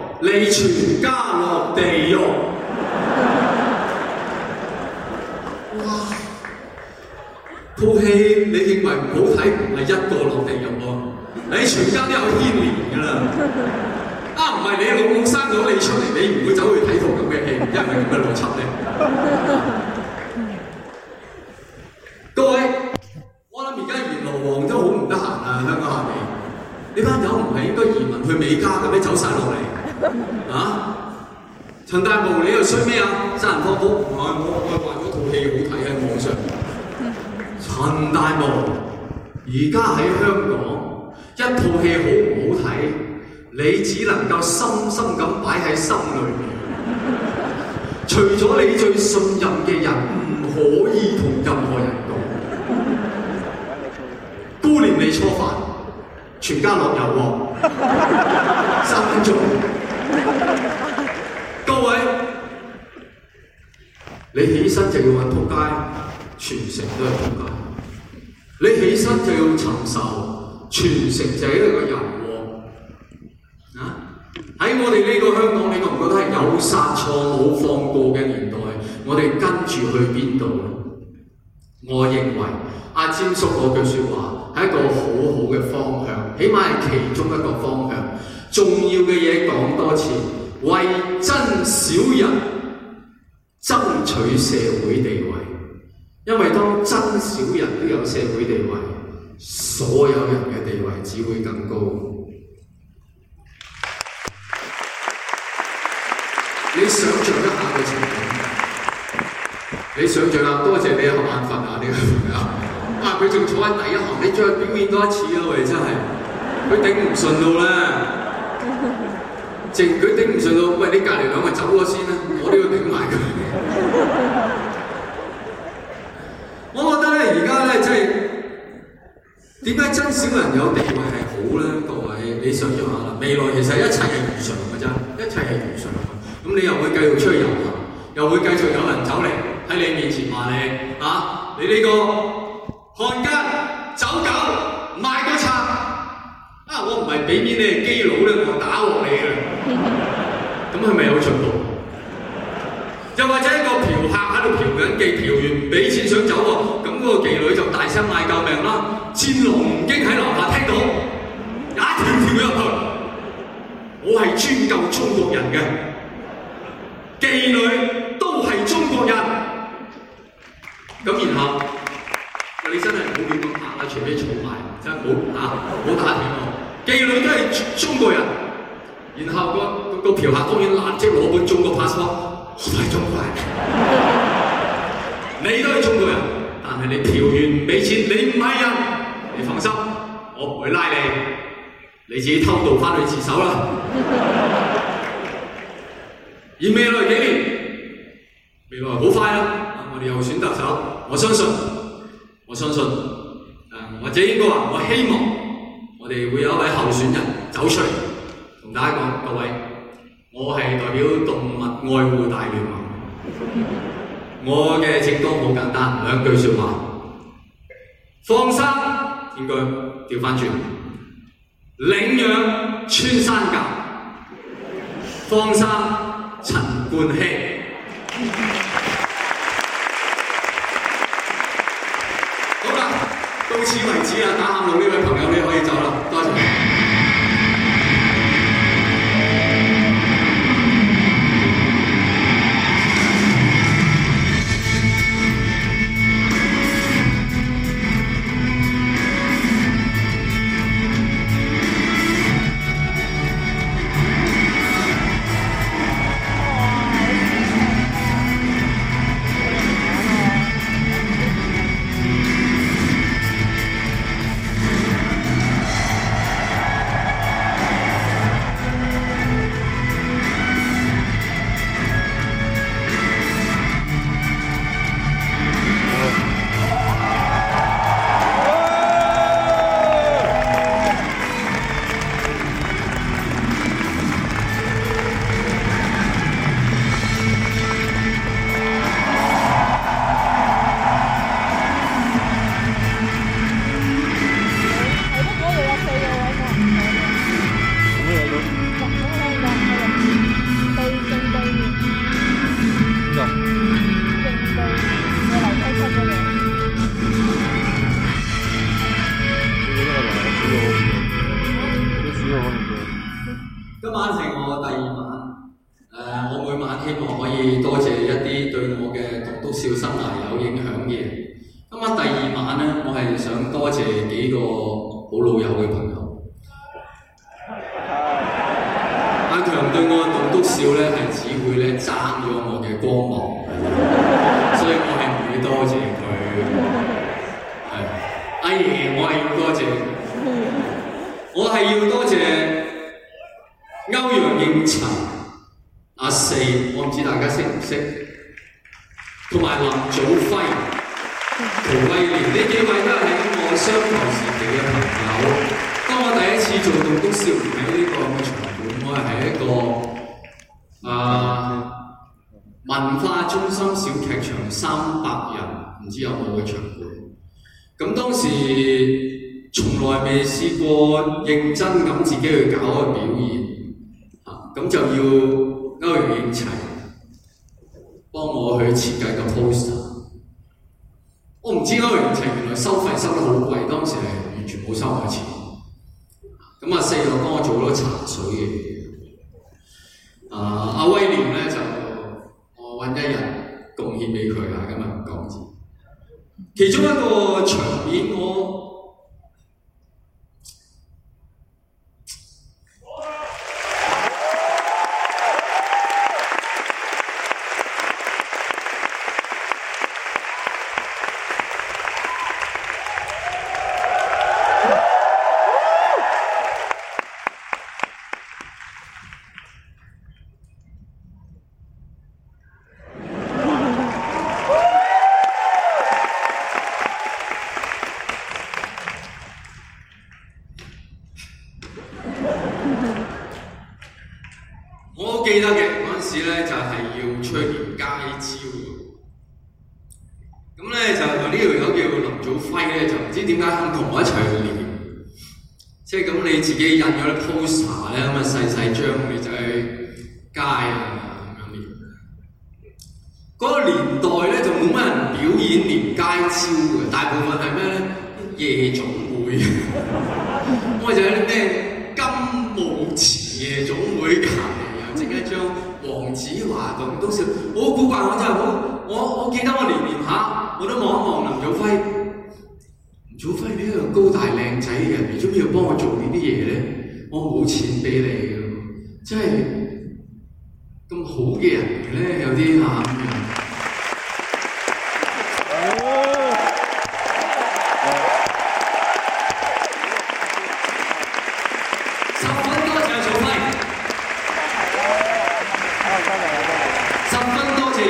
你全家落地獄！哇，套戲你認為唔好睇，唔係一個落地獄喎，你全家都有牽連㗎啦！啊，唔係你老母生咗你出嚟，你唔會走去睇套咁嘅戲，唔知係咪咁嘅邏輯咧？各位，我諗而家閻羅王都好唔得閒啊！香港下面呢班友唔係應該移民去美加，咁樣走曬落嚟。 <laughs> 啊！陳大毛，你又衰咩啊？三人科普唔係我我我係話嗰套戲好睇喺網上。陳 <laughs> 大毛，而家喺香港，一套戲好唔好睇，你只能夠深深咁擺喺心裏。除咗你最信任嘅人，唔可以同任何人講。姑念你初犯，全家落油鑊。三分鐘。 <laughs> 各位，你起身就要揾仆街，全城都係仆街；你起身就要承受，全城就係一個遊蕩。啊！喺我哋呢個香港，你覺唔覺得係有殺錯冇放過嘅年代？我哋跟住去邊度？我認為阿占叔嗰句説話係一個好好嘅方向，起碼係其中一個方向。重要嘅嘢講多次，為真小人爭取社會地位，因為當真小人都有社會地位，所有人嘅地位只會更高。你想象一下嘅情況，你想象啦。多謝你眼瞓啊，呢個朋友。哇！佢仲坐喺第一行，你再表演多一次啊！喂，真係佢頂唔順囉啦～靜佢頂唔順咯，喂！你隔離兩位走咗先啦，我都要頂埋佢。 <laughs> 我覺得咧、就是，而家咧即係點解真小人有地位係好咧？各位，你想象下啦，未來其實一切係平常嘅啫，一切係平常。咁你又會繼續出去遊行，又會繼續有人走嚟喺你面前話你啊！你呢、呢個漢奸走狗賣國賊啊！我唔係俾面你基佬咧，我打落你啦！咁係咪有進步？又或者一個嫖客喺度嫖緊妓，嫖完唔俾錢想走喎，咁嗰個妓女就大聲嗌救命啦！戰狼吳京喺樓下聽到，一跳跳咗入去。我係專救中國人嘅，妓女都係中國人。咁然後，你真係冇亂咁嗌，全部都嘈埋，真係冇嚇，冇打斷喎。妓女都係中國人。然後個個嫖客當然立即攞本中國 passport，我係中國人，你都係中國人，但係你嫖完唔俾錢，你唔係人。你放心，我唔會拉你，你自己偷渡翻去自首啦。而未來幾年，未來好快啦，我哋又選特首，我相信，我相信，或者應該話，我希望我哋會有一位候選人走出嚟。第一個，各位，我係代表動物愛護大聯盟。我嘅政綱好簡單，兩句説話：放生，應該，調翻轉。領養穿山甲，放生陳冠希。好啦，到此為止啦，阿陸呢位朋友。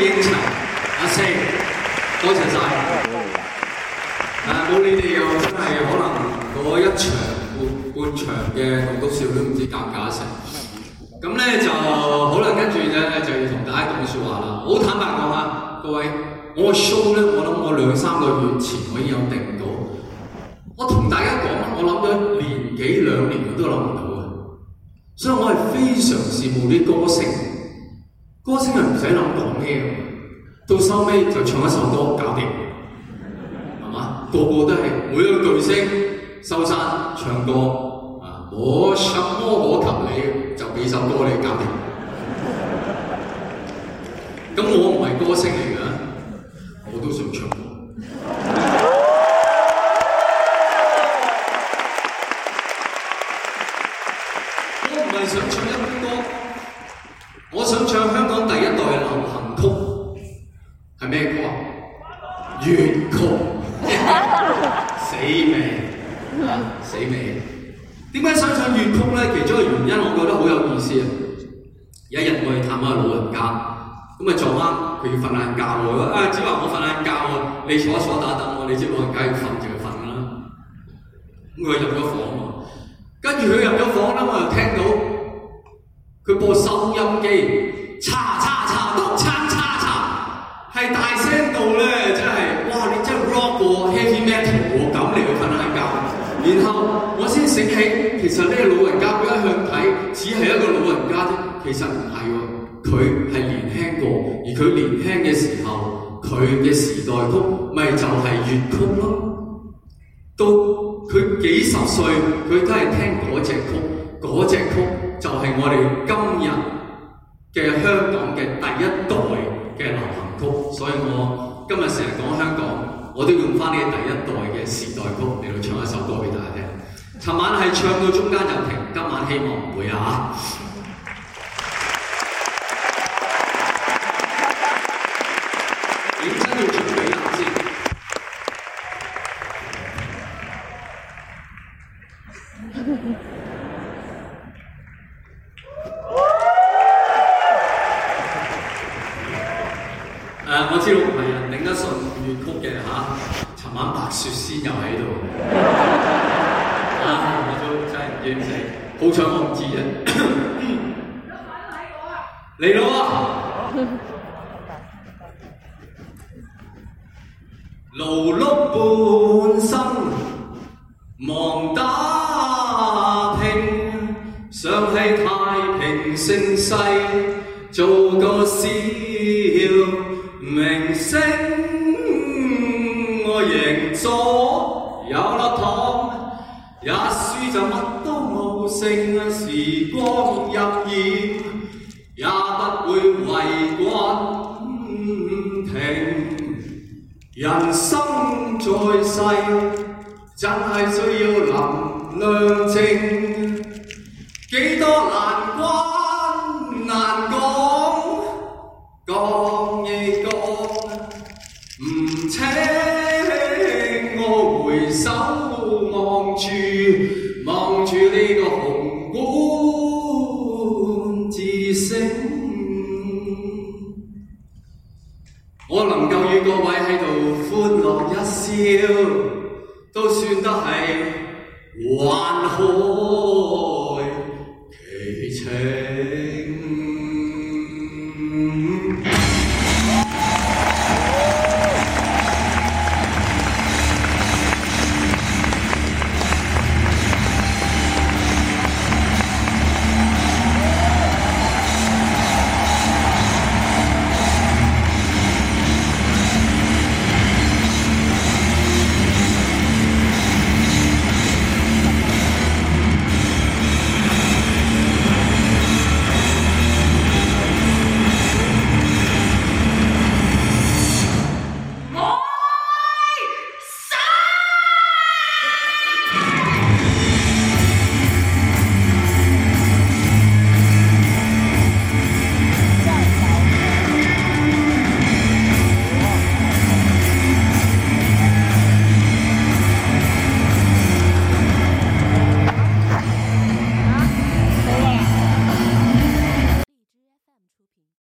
應酬，阿星，多謝晒。啊，咁你哋又真係可能嗰一場半半場嘅棟篤笑都唔知夾唔夾得成。咁咧就好啦，跟住咧就要同大家講説話啦。好坦白講啊，各位，我 show 咧，我諗我兩三個月前可以有定到。我同大家講，我諗咗年幾兩年我都諗唔到。所以我係非常羨慕啲歌星。歌星係唔使諗講咩。到收尾就唱一首歌搞掂，係嘛？個個都係，每一個巨星收山唱歌啊！我什麼我求你，就俾首歌你搞掂。咁 <laughs> 我唔係歌星嚟㗎，我都想唱歌。